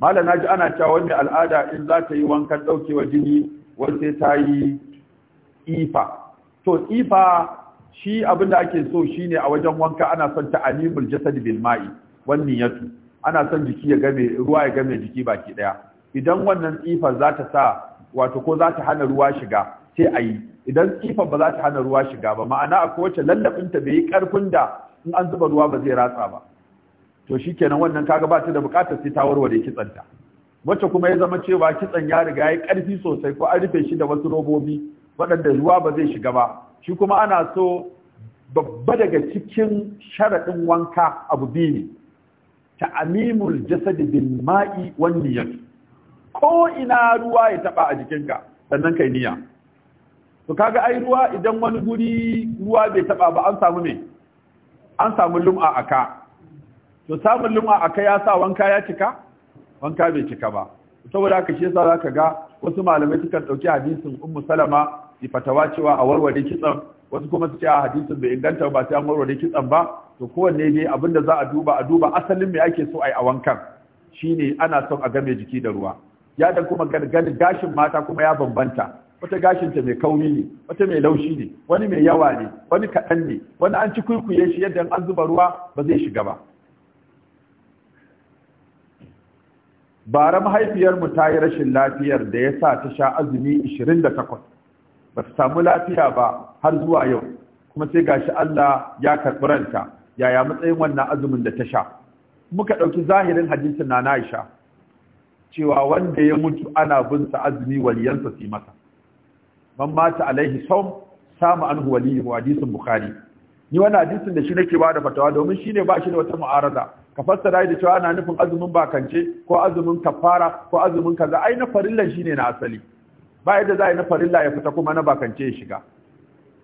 malam na ji ana cewa wanda al'ada in za ta yi wankan ɗaukewa jini wai sai ta yi ifa to ifa shi abin da ake so shine a wajen wanka ana son ta jasad bil ma'i wannan Yatu. ana son jiki ya game ruwa ya game jiki baki daya idan wannan ifa za ta sa wato ko za ta hana ruwa shiga sai a idan ifa ba za ta hana ruwa shiga ba ma'ana akwai wacce ta bai yi karfin da in an zuba ruwa ba zai ratsa ba to shikenan wannan kaga ba ta da bukatar sai ta warware kitsanta wacce kuma ya zama cewa kitsan ya riga ya karfi sosai ko an rufe shi da wasu robobi waɗanda ruwa ba zai shiga ba shi kuma ana so babba daga cikin sharaɗin wanka abu biyu ne ta'amimul jasadi bin ma'i wani niyyah ko ina ruwa ya taɓa a jikinka sannan kai niyya to kaga ai ruwa idan wani guri ruwa bai taɓa ba an samu me an samu lum'a ka to samun lum'a aka ya sa wanka ya cika wanka bai cika ba saboda haka shi yasa zaka ga wasu malamai sukan ɗauki hadisin ummu salama fatawa cewa a warware kitsan wasu kuma su ce a hadisin bai inganta ba sai an warware kitsan ba to kowanne ne abinda za a duba a duba asalin me ake so a yi a wankan shine ana son a game jiki da ruwa ya dan kuma gargani gashin mata kuma ya bambanta wata gashinta mai kauri ne wata mai laushi ne wani mai yawa ne wani kaɗan ne wani an ci kuikuye shi yadda an zuba ruwa ba zai shiga ba bara mahaifiyarmu ta yi rashin lafiyar da ya sa ta sha azumi 28 ba su samu lafiya ba har zuwa yau kuma sai gashi Allah ya karɓi ranta yaya matsayin wannan azumin da ta sha muka ɗauki zahirin hadisin na Aisha cewa wanda ya mutu ana bin sa azumi waliyansa su masa man mata alaihi saum samu anhu waliyi wa hadisin bukhari ni wannan hadisin da shi nake ba da fatawa domin shine ba shi da wata mu'arada ka fassara da cewa ana nufin azumin bakance ko azumin kafara ko azumin kaza ai na farillan ne na asali ba yadda za a yi na farilla ya fita kuma na bakance ya shiga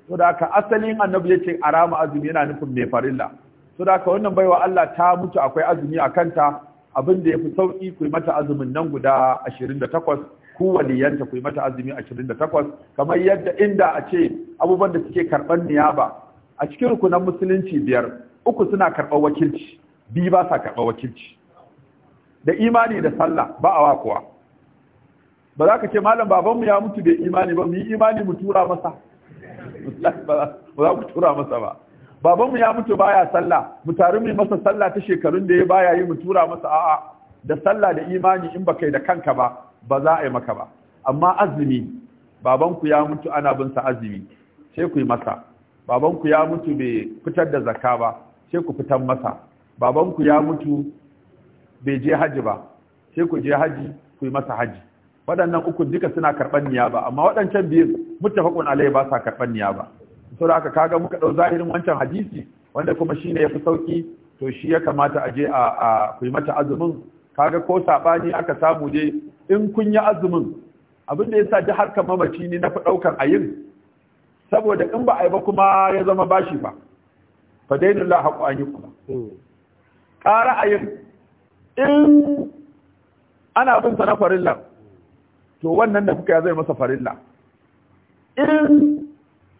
so da aka asalin annabi ya ce a rama azumi yana nufin mai farilla so da aka wannan baiwa Allah ta mutu akwai azumi a kanta abin da ya fi sauƙi ku yi mata azumin nan guda 28 ku waliyanta ku yi mata azumi 28 kamar yadda inda a ce abubuwan da suke karɓar niyaba a cikin rukunan musulunci biyar uku suna karɓar wakilci biyu ba sa karɓar wakilci da imani da sallah ba a wa kuwa ba za ka ce malam babanmu ya mutu bai imani ba mu yi imani mu tura masa ba za ku tura masa ba babanmu ya mutu baya sallah mu taru mu masa sallah ta shekarun da ya baya yi mu tura masa a'a da sallah da imani in ba kai da kanka ba ba za a yi maka ba amma azumi babanku ya mutu ana bin sa azumi sai ku yi masa babanku ya mutu bai fitar da zakka ba sai ku fitar masa babanku ya mutu bai je haji ba sai ku je haji ku yi masa haji waɗannan uku duka suna karɓar niyaba amma waɗancan biyun muttafaqun alai ba sa karɓar niyaba da aka kaga muka ɗau zahirin wancan hadisi wanda kuma shine yafi sauki to shi ya kamata a je a kuyi mata azumin kaga ko sabani aka samu je in kun yi azumin abin da yasa ji harkar mamaci ne na fi daukar ayin saboda in ba a yi ba kuma ya zama bashi ba fa dainullah haqu an kuma. Kara hmm. ayin in ana bin sa na farillan to wannan da kuka ya zai masa farilla in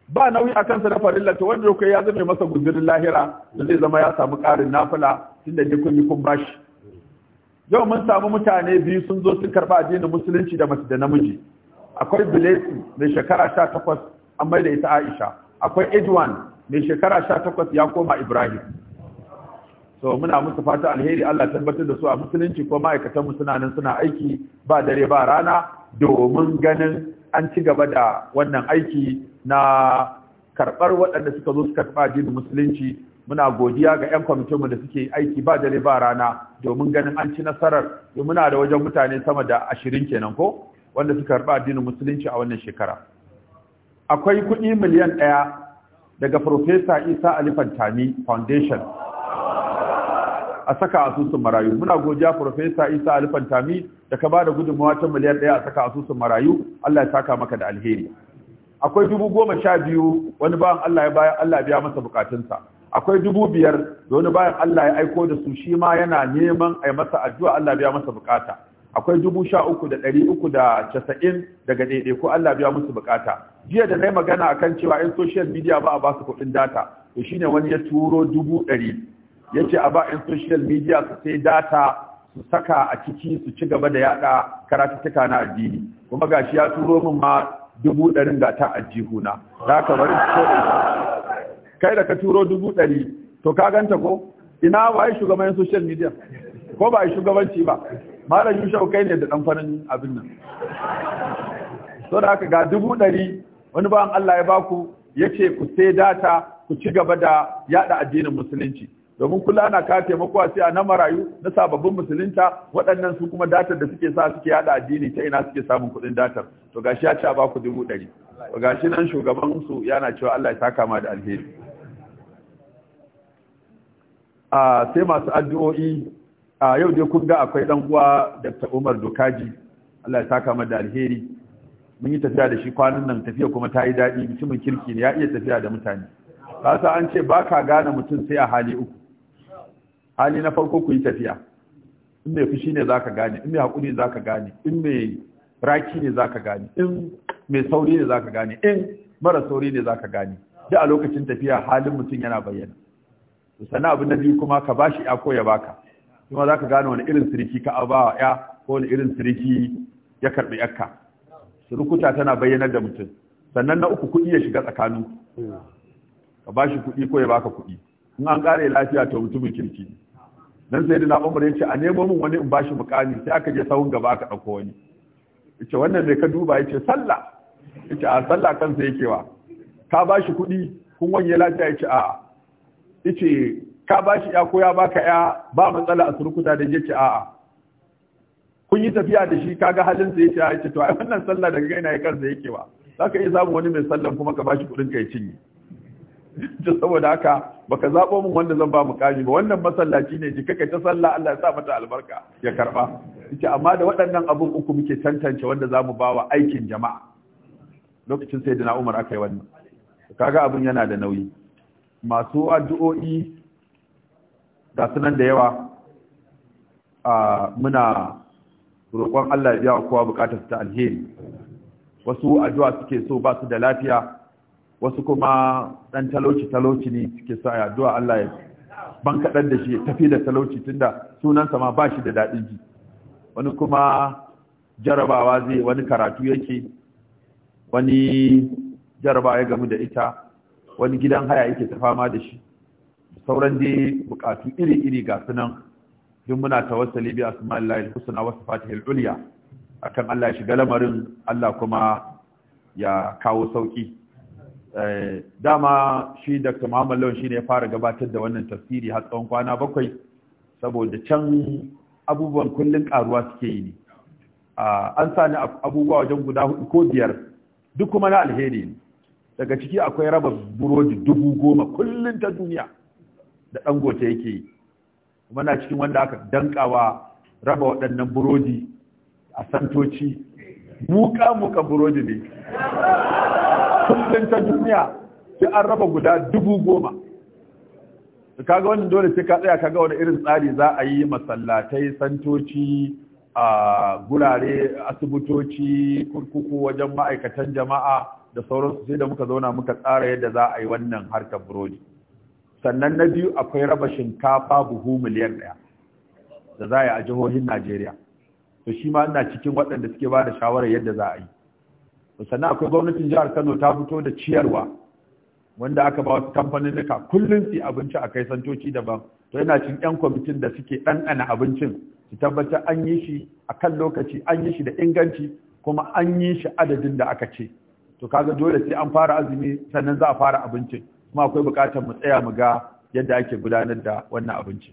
ba nauyi a kansa na farilla to wanda kuka ya zai masa gundurin lahira da zai zama ya samu karin nafila tunda dai kun yi bashi yau mun samu mutane biyu sun zo sun karɓi addinin musulunci da mace da namiji akwai bilesi mai shekara sha takwas an mai da ita aisha akwai edwan mai shekara sha takwas ya koma ibrahim to muna musu fata alheri Allah tabbatar da su a musulunci ko ma'aikatan mu suna nan suna aiki ba dare ba rana domin ganin an ci gaba da wannan aiki na karɓar waɗanda suka zo suka karɓa addinin musulunci muna godiya ga 'yan kwamitinmu da suke aiki ba dare ba rana domin ganin an ci nasarar muna da wajen mutane sama da ashirin kenan ko wanda suka karɓi addinin musulunci a wannan shekara akwai kuɗi miliyan ɗaya daga Profesa isa alifantami foundation a saka asusun marayu muna godiya profesa Isa alifan Tami da ka bada gudunmawa ta miliyan ɗaya a saka asusun marayu Allah ya saka maka da alheri akwai dubu goma sha biyu wani bayan Allah ya bayan Allah biya masa bukatunsa akwai dubu biyar da wani bayan Allah ya aiko da su shi ma yana neman a masa addu'a Allah biya masa bukata akwai dubu sha uku da ɗari uku da casa'in daga daidai ko Allah biya musu bukata jiya da na magana akan cewa in social media ba a basu su kuɗin data to shine wani ya turo dubu ɗari yace a ba in social media su sai data su saka a ciki su ci gaba da yada karatuttuka na addini kuma gashi ya turo min ma dubu ɗarin ga ta ajihuna za ka bari kai da ka turo dubu ɗari to ka ganta ko ina ba yi shugaban social media ko ba yi shugabanci ba malam shau kai ne da ɗan farin abin nan so da haka ga dubu ɗari wani bayan Allah ya baku ya ce ku sai data ku ci gaba da yada addinin musulunci domin kula ana ka taimako a sai na marayu na sababbin musulunta waɗannan su kuma datar da suke sa suke yada addini ta ina suke samun kuɗin datar to gashi ya ci a baku dubu ɗari to gashi nan shugaban su yana cewa Allah ya saka ma da alheri a sai masu addu'o'i a yau dai kun ga akwai dan uwa Dr. Umar Dokaji Allah ya saka ma da alheri mun yi tafiya da shi kwanan nan tafiya kuma ta yi daɗi mutumin kirki ne ya iya tafiya da mutane kasa an ce ba ka gane mutum sai a hali uku hali na farko ku yi tafiya in mai fushi ne za ka gane in mai za ka gane in mai raki ne za ka gane in mai sauri ne za ka gane in mara sauri ne za ka gane duk a lokacin tafiya halin mutum yana bayyana sannan abin da biyu kuma ka bashi ya ko ya baka kuma za ka gane wani irin siriki ka ba ya ko wani irin siriki ya karbi yakka surukuta tana bayyanar da mutum sannan na uku kuɗi ya shiga tsakanin ka bashi kuɗi ko ya baka kuɗi in an ƙare lafiya to mutumin kirki dan zai na umar yace a nemo min wani in bashi mukami sai aka je sahun gaba aka dauko wani yace wannan mai ka duba yace sallah yace a sallah kansa yake wa ka bashi kuɗi kun wanye lafiya yace a'a yace ka bashi ya ko ya baka ya ba matsala a surkuta da yace a'a kun yi tafiya da shi kaga halin sa yace yace to ai wannan sallah daga gaina ya kansa yake wa zaka iya samu wani mai sallan kuma ka bashi kuɗin kai cinye <laughs> saboda haka baka zaɓo mun wanda zan ba mu kaji ba wannan masallaci ne jika kai ta sallah Allah ya sa mata albarka ya karba yace amma da waɗannan abun uku muke tantance wanda zamu wa aikin jama'a lokacin sai da Umar akai wannan kaga abun yana da nauyi masu addu'o'i da sunan da yawa a muna roƙon Allah ya biya kowa bukatar ta alheri wasu addu'a suke so ba su da lafiya wasu kuma ɗan talauci talauci ne suke sa duwa Allah ya ban kaɗan da shi tafi da talauci tunda sunansa ma ba shi da daɗin ji wani kuma jarabawa zai wani karatu yake wani jarabawa ya gamu da ita wani gidan haya yake ta fama da shi sauran dai bukatu iri-iri ga sunan duk muna tawassali bi asma'illahi husna wa sifatihil ulya akan Allah ya shiga lamarin Allah kuma ya kawo sauƙi. Eh, dama shi Dr. Muhammad Lawan shine ya fara gabatar da wannan tafsiri har tsawon kwana bakwai saboda can abubuwan kullun karuwa suke yi ne an sa abubuwa wajen guda hudu ko biyar duk kuma na alheri daga ciki akwai raba burodi dubu goma kullun ta duniya da dangote yake yi kuma na cikin wanda aka dankawa raba waɗannan burodi a santoci muka muka burodi ne kullum ta duniya sai an raba guda dubu goma kaga wani dole sai ka tsaya kaga wani irin tsari za a yi masallatai santoci a gurare asibitoci kurkuku wajen ma'aikatan jama'a da sauransu sai da muka zauna muka tsara yadda za a yi wannan harkar burodi sannan na biyu akwai raba shinkafa buhu miliyan ɗaya da za a yi a jihohin najeriya to shi ma ina cikin waɗanda suke ba da shawarar yadda za a yi sannan akwai gwamnatin jihar kano ta fito da ciyarwa wanda aka ba wasu ka kullum su abinci a kai santoci daban to yana cin yan kwamitin da suke ɗanɗana abincin su tabbatar an yi shi a kan lokaci an yi shi da inganci kuma an yi shi adadin da aka ce to kaga dole sai an fara azumi sannan za a fara abincin kuma akwai buƙatar mu tsaya mu ga yadda ake gudanar da wannan abinci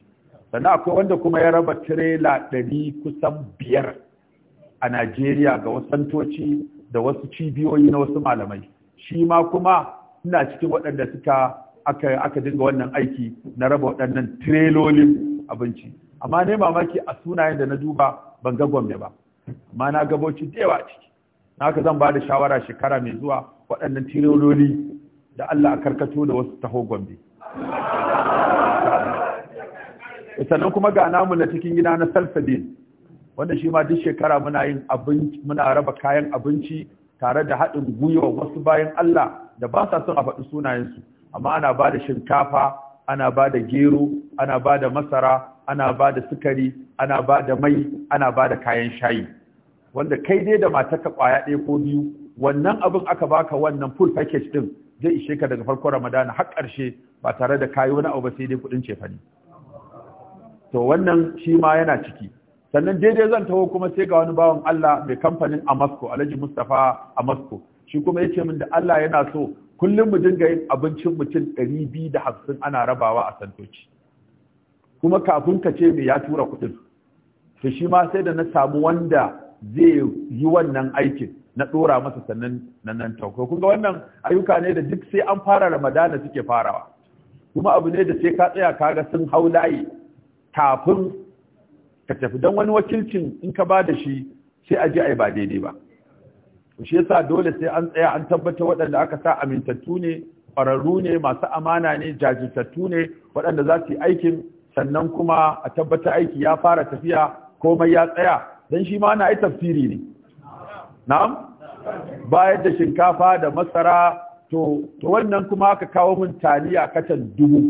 sannan akwai wanda kuma ya raba tirela ɗari kusan biyar a najeriya ga wasantoci da wasu cibiyoyi na wasu malamai shi ma kuma ina cikin waɗanda suka aka aka dinga wannan aiki na raba waɗannan trelolin abinci amma ne mamaki a sunayen da na duba ban ga gombe ba amma na gabo da yawa ciki na haka zan ba da shawara shekara mai zuwa waɗannan tireloli da Allah a karkato da wasu taho gombe sannan kuma ga namu na cikin gida na salsabil wanda shi ma duk shekara muna yin abinci muna raba kayan abinci tare da haɗin gwiwa wasu bayan Allah da ba sa son a faɗi sunayensu amma ana ba da shinkafa ana ba da gero ana ba da masara ana ba da sukari ana ba da mai ana ba da kayan shayi wanda kai dai da matarka kwaya ɗaya ko biyu wannan abin aka baka wannan full package din zai ishe ka daga farkon ramadana har ƙarshe ba tare da kayo na abu ba sai dai kuɗin cefane to wannan shi ma yana ciki sannan daidai zan taho kuma sai ga wani bawan Allah mai kamfanin Amasco Alhaji Mustapha Amasco shi kuma yace min da Allah yana so kullum mu dinga yin abincin mutum 250 ana rabawa a santoci kuma kafin ka ce me ya tura kuɗin to shi ma sai da na samu wanda zai yi wannan aikin na ɗora masa sannan nan nan tauko Kuma wannan ayyuka ne da duk sai an fara ramadana suke farawa kuma abu ne da sai ka tsaya kaga sun hau layi kafin ka tafi don wani wakilcin in ka ba da shi sai a ji a yi ba daidai ba shi yasa dole sai an tsaya an tabbata waɗanda aka sa amintattu ne ƙwararru ne masu amana ne jajirtattu ne waɗanda za su yi aikin sannan kuma a tabbata aiki ya fara tafiya komai ya tsaya don shi ma na yi tafsiri ne na'am bayar da shinkafa da masara to wannan kuma aka kawo mun taliya katan dubu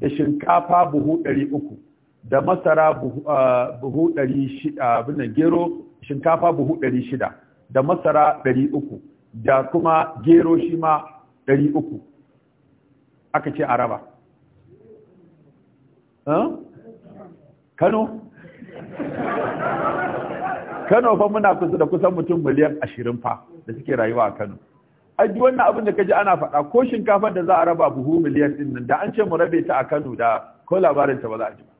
da shinkafa buhu ɗari uku da masara buhu ɗari shida abin gero shinkafa buhu ɗari shida da masara ɗari uku da kuma gero shi ma ɗari uku aka ce araba kano kano fa muna kusa da kusan mutum miliyan ashirin fa da suke rayuwa a kano aji wannan abin da kaji ana faɗa ko shinkafar da za a raba buhu miliyan ɗin nan da an ce mu rabe ta a kano da ko labarin ta ba za a ji ba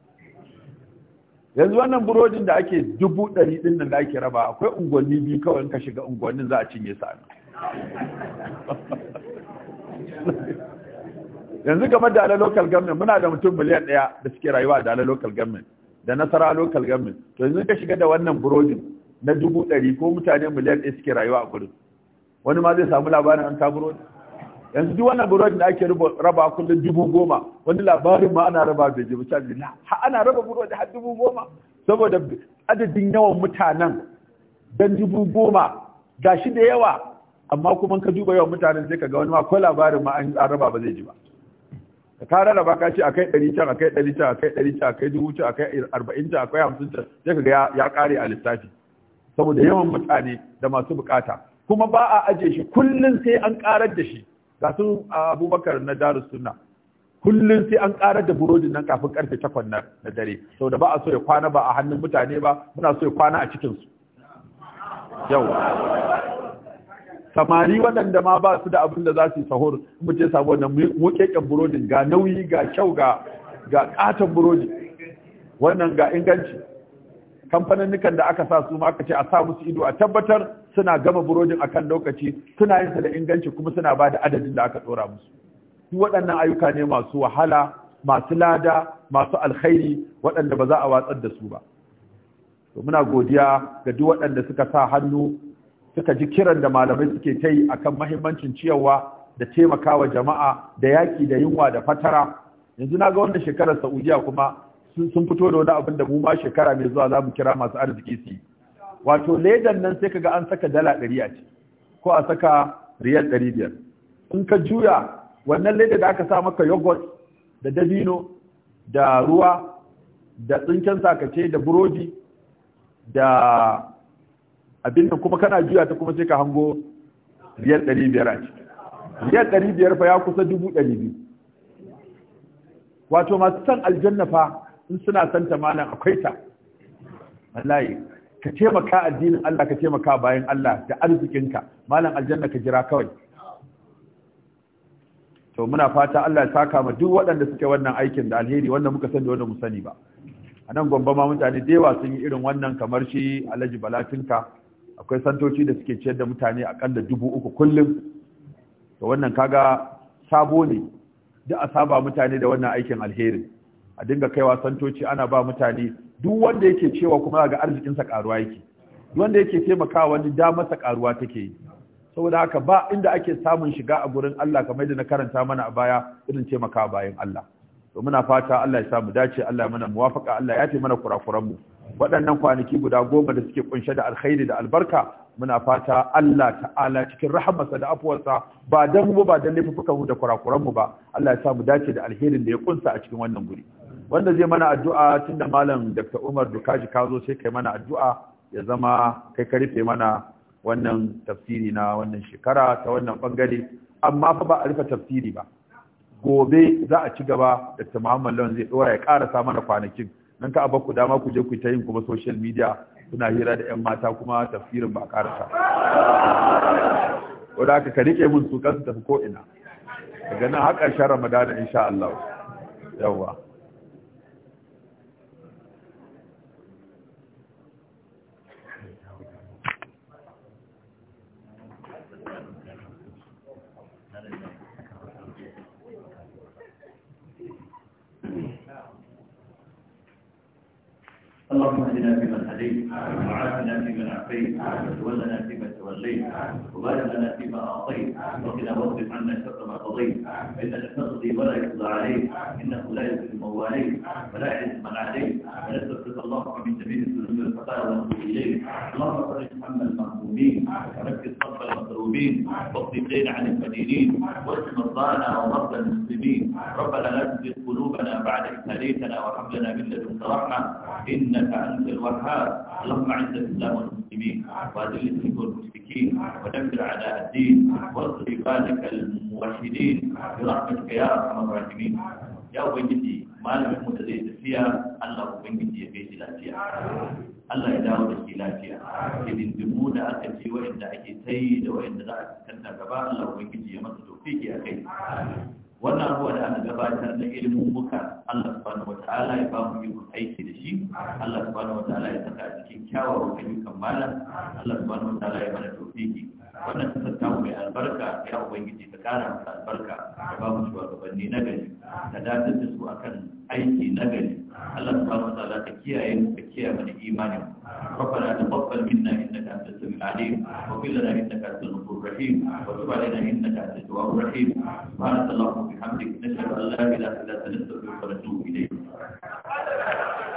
yanzu wannan burodin da ake dubu ɗari ɗin nan da ake raba akwai unguwanni biyu kawai in ka shiga unguwannin za a cinye sa yanzu game da ala local government muna da mutum miliyan ɗaya da suke rayuwa da ala local government da nasara local government to yanzu ka shiga da wannan burodin na dubu ɗari ko mutane miliyan ɗaya suke rayuwa a gurin wani ma zai samu labarin an ta burodin yanzu duk wannan burodi da ake raba kullum dubu goma wani labarin ma ana raba bai jibu ta jina ha ana raba burodi har dubu goma saboda adadin yawan mutanen dan dubu goma gashi da yawa amma kuma ka duba yawan mutanen sai ka ga wani ma ko labarin ma an raba ba zai ji ba ka raba ka ce akai ɗari can akai ɗari can akai ɗari can akai dubu can akai arba'in can akai hamsin can sai ka ga ya kare a lissafi saboda yawan mutane da masu bukata kuma ba a aje shi kullum sai an ƙarar da shi ga su abubakar na daru suna. kullum sai an ƙarar da burodin nan kafin karfe takwas na dare sau da ba a so ya kwana ba a hannun mutane ba muna so ya kwana a cikinsu yau samari waɗanda ma ba su da abin da za su yi sahur mu je samu wannan muƙeƙen burodin ga nauyi ga kyau ga ƙaton burodi wannan ga inganci kamfanin da aka sa su ma aka ce a sa musu ido a tabbatar suna gama burodin akan lokaci suna yin sa da inganci kuma suna ba da adadin da aka ɗora musu duk waɗannan ayyuka ne masu wahala masu lada masu alkhairi waɗanda ba za a watsar da su ba to muna godiya ga duk waɗanda suka sa hannu suka ji kiran da malamai suke ta yi akan mahimmancin ciyawa da taimakawa jama'a da yaƙi da yunwa da fatara yanzu na ga wannan shekarar saudiya kuma sun fito da wani abin da mu ma shekara mai zuwa za mu kira masu arziki su yi wato ledan nan sai kaga an saka dala ɗari a ciki ko a saka riyal ɗari biyar in ka juya wannan leda da aka sa maka yogurt da dabino da ruwa da tsinken sakace da burodi da abin da kuma kana juya ta kuma sai ka hango riyal ɗari biyar a ciki riyal ɗari biyar fa ya kusa dubu ɗari biyu wato masu san aljanna fa in suna santa ta malam akwai ta wallahi ka taimaka addinin Allah ka taimaka bayan Allah da arzikinka malam aljanna ka jira kawai to muna fata Allah ya saka ma duk waɗanda suke wannan aikin da alheri wannan muka sani wanda mu sani ba anan nan ma mutane da yawa sun yi irin wannan kamar shi alhaji balatinka akwai santoci da suke ciyar da mutane akalla dubu uku kullum to wannan kaga sabo ne duk a saba mutane da wannan aikin alheri a dinga kaiwa santoci ana ba mutane duk wanda yake cewa kuma ga arzikinsa karuwa yake duk wanda yake taimakawa wani damarsa karuwa take yi saboda haka ba inda ake samun shiga a gurin Allah kamar da na karanta mana a baya irin taimakawa bayan Allah to muna fata Allah ya samu dace Allah ya mana muwafaka Allah ya taimaka mana kurakuran mu waɗannan kwanaki guda goma da suke kunshe da alkhairi da albarka muna fata Allah ta'ala cikin rahamarsa da afuwarsa ba dan mu ba dan laifukan mu da kurakuran mu ba Allah ya samu dace da alherin da ya kunsa a cikin wannan guri wanda zai mana addu'a tun da malam Dr. Umar Dukaji ka zo sai kai mana addu'a ya zama kai ka rufe mana wannan tafsiri na wannan shekara ta wannan bangare amma fa ba a rufe tafsiri ba gobe za a ci gaba ta Muhammad Lawan zai dora ya karasa mana kwanakin nan ka ku dama ku je ku ta yin kuma social media suna hira da yan mata kuma tafsirin ba a karasa wanda aka ka rike mun su kansu tafi ko daga nan har Ramadana insha Allah ba. اللهم اهدنا فيمن هديت وعافنا فيمن عافيت وتولنا فيما توليت وبارك لنا فيما اعطيت وقنا واصرف عنا شر ما قضيت فانك تقضي ولا يقضى عليك انه لا يذل من ولا يعز من عليك ونستغفرك الله من جميع الذنوب والخطايا ونتوب اليك اللهم فرج هم المهمومين وركز صف المضروبين واقضي الدين عن المدينين واشف مرضانا ومرضى المسلمين ربنا لا تزغ قلوبنا بعد اذ هديتنا وهب لنا من لدنك رحمه انك انت الوهاب a اللهم أعز الإسلام والمسلمين وأذل الشرك ودمر أعداء الدين وانصر عبادك الموحدين برحمتك يا أرحم الراحمين ya ubangiji malamin mu da zai tafiya Allah ubangiji ya kai shi lafiya Allah ya dawo da shi lafiya hidindimu da aka ce wa'anda ake tayi da wa'anda za a kanta gaba Allah ubangiji ya masa tofiki a kai wannan abuwa da aka gabatar na ilimin muka Allah subhanahu wata'ala ya ba mu yin aiki da shi Allah subhanahu wata'ala ya saka a cikin kyawawan ayyukan kammala. Allah subhanahu wata'ala ya mana tofiki wannan ta kasar tamu mai albarka ya ubangiji ta kara masa albarka ya ba mu shugabanni na gari Ta dakatar da su akan aiki na gari Allah subhanahu wa kiyaye mu ta kiyaye mana imanin rabbana taqabbal minna innaka antas samiul alim wa qul lana innaka antal ghafurur rahim wa tub alayna innaka antat tawwabur rahim subhanallahi wa bihamdihi nashhadu an la ilaha illa anta nastaghfiruka wa natubu ilayk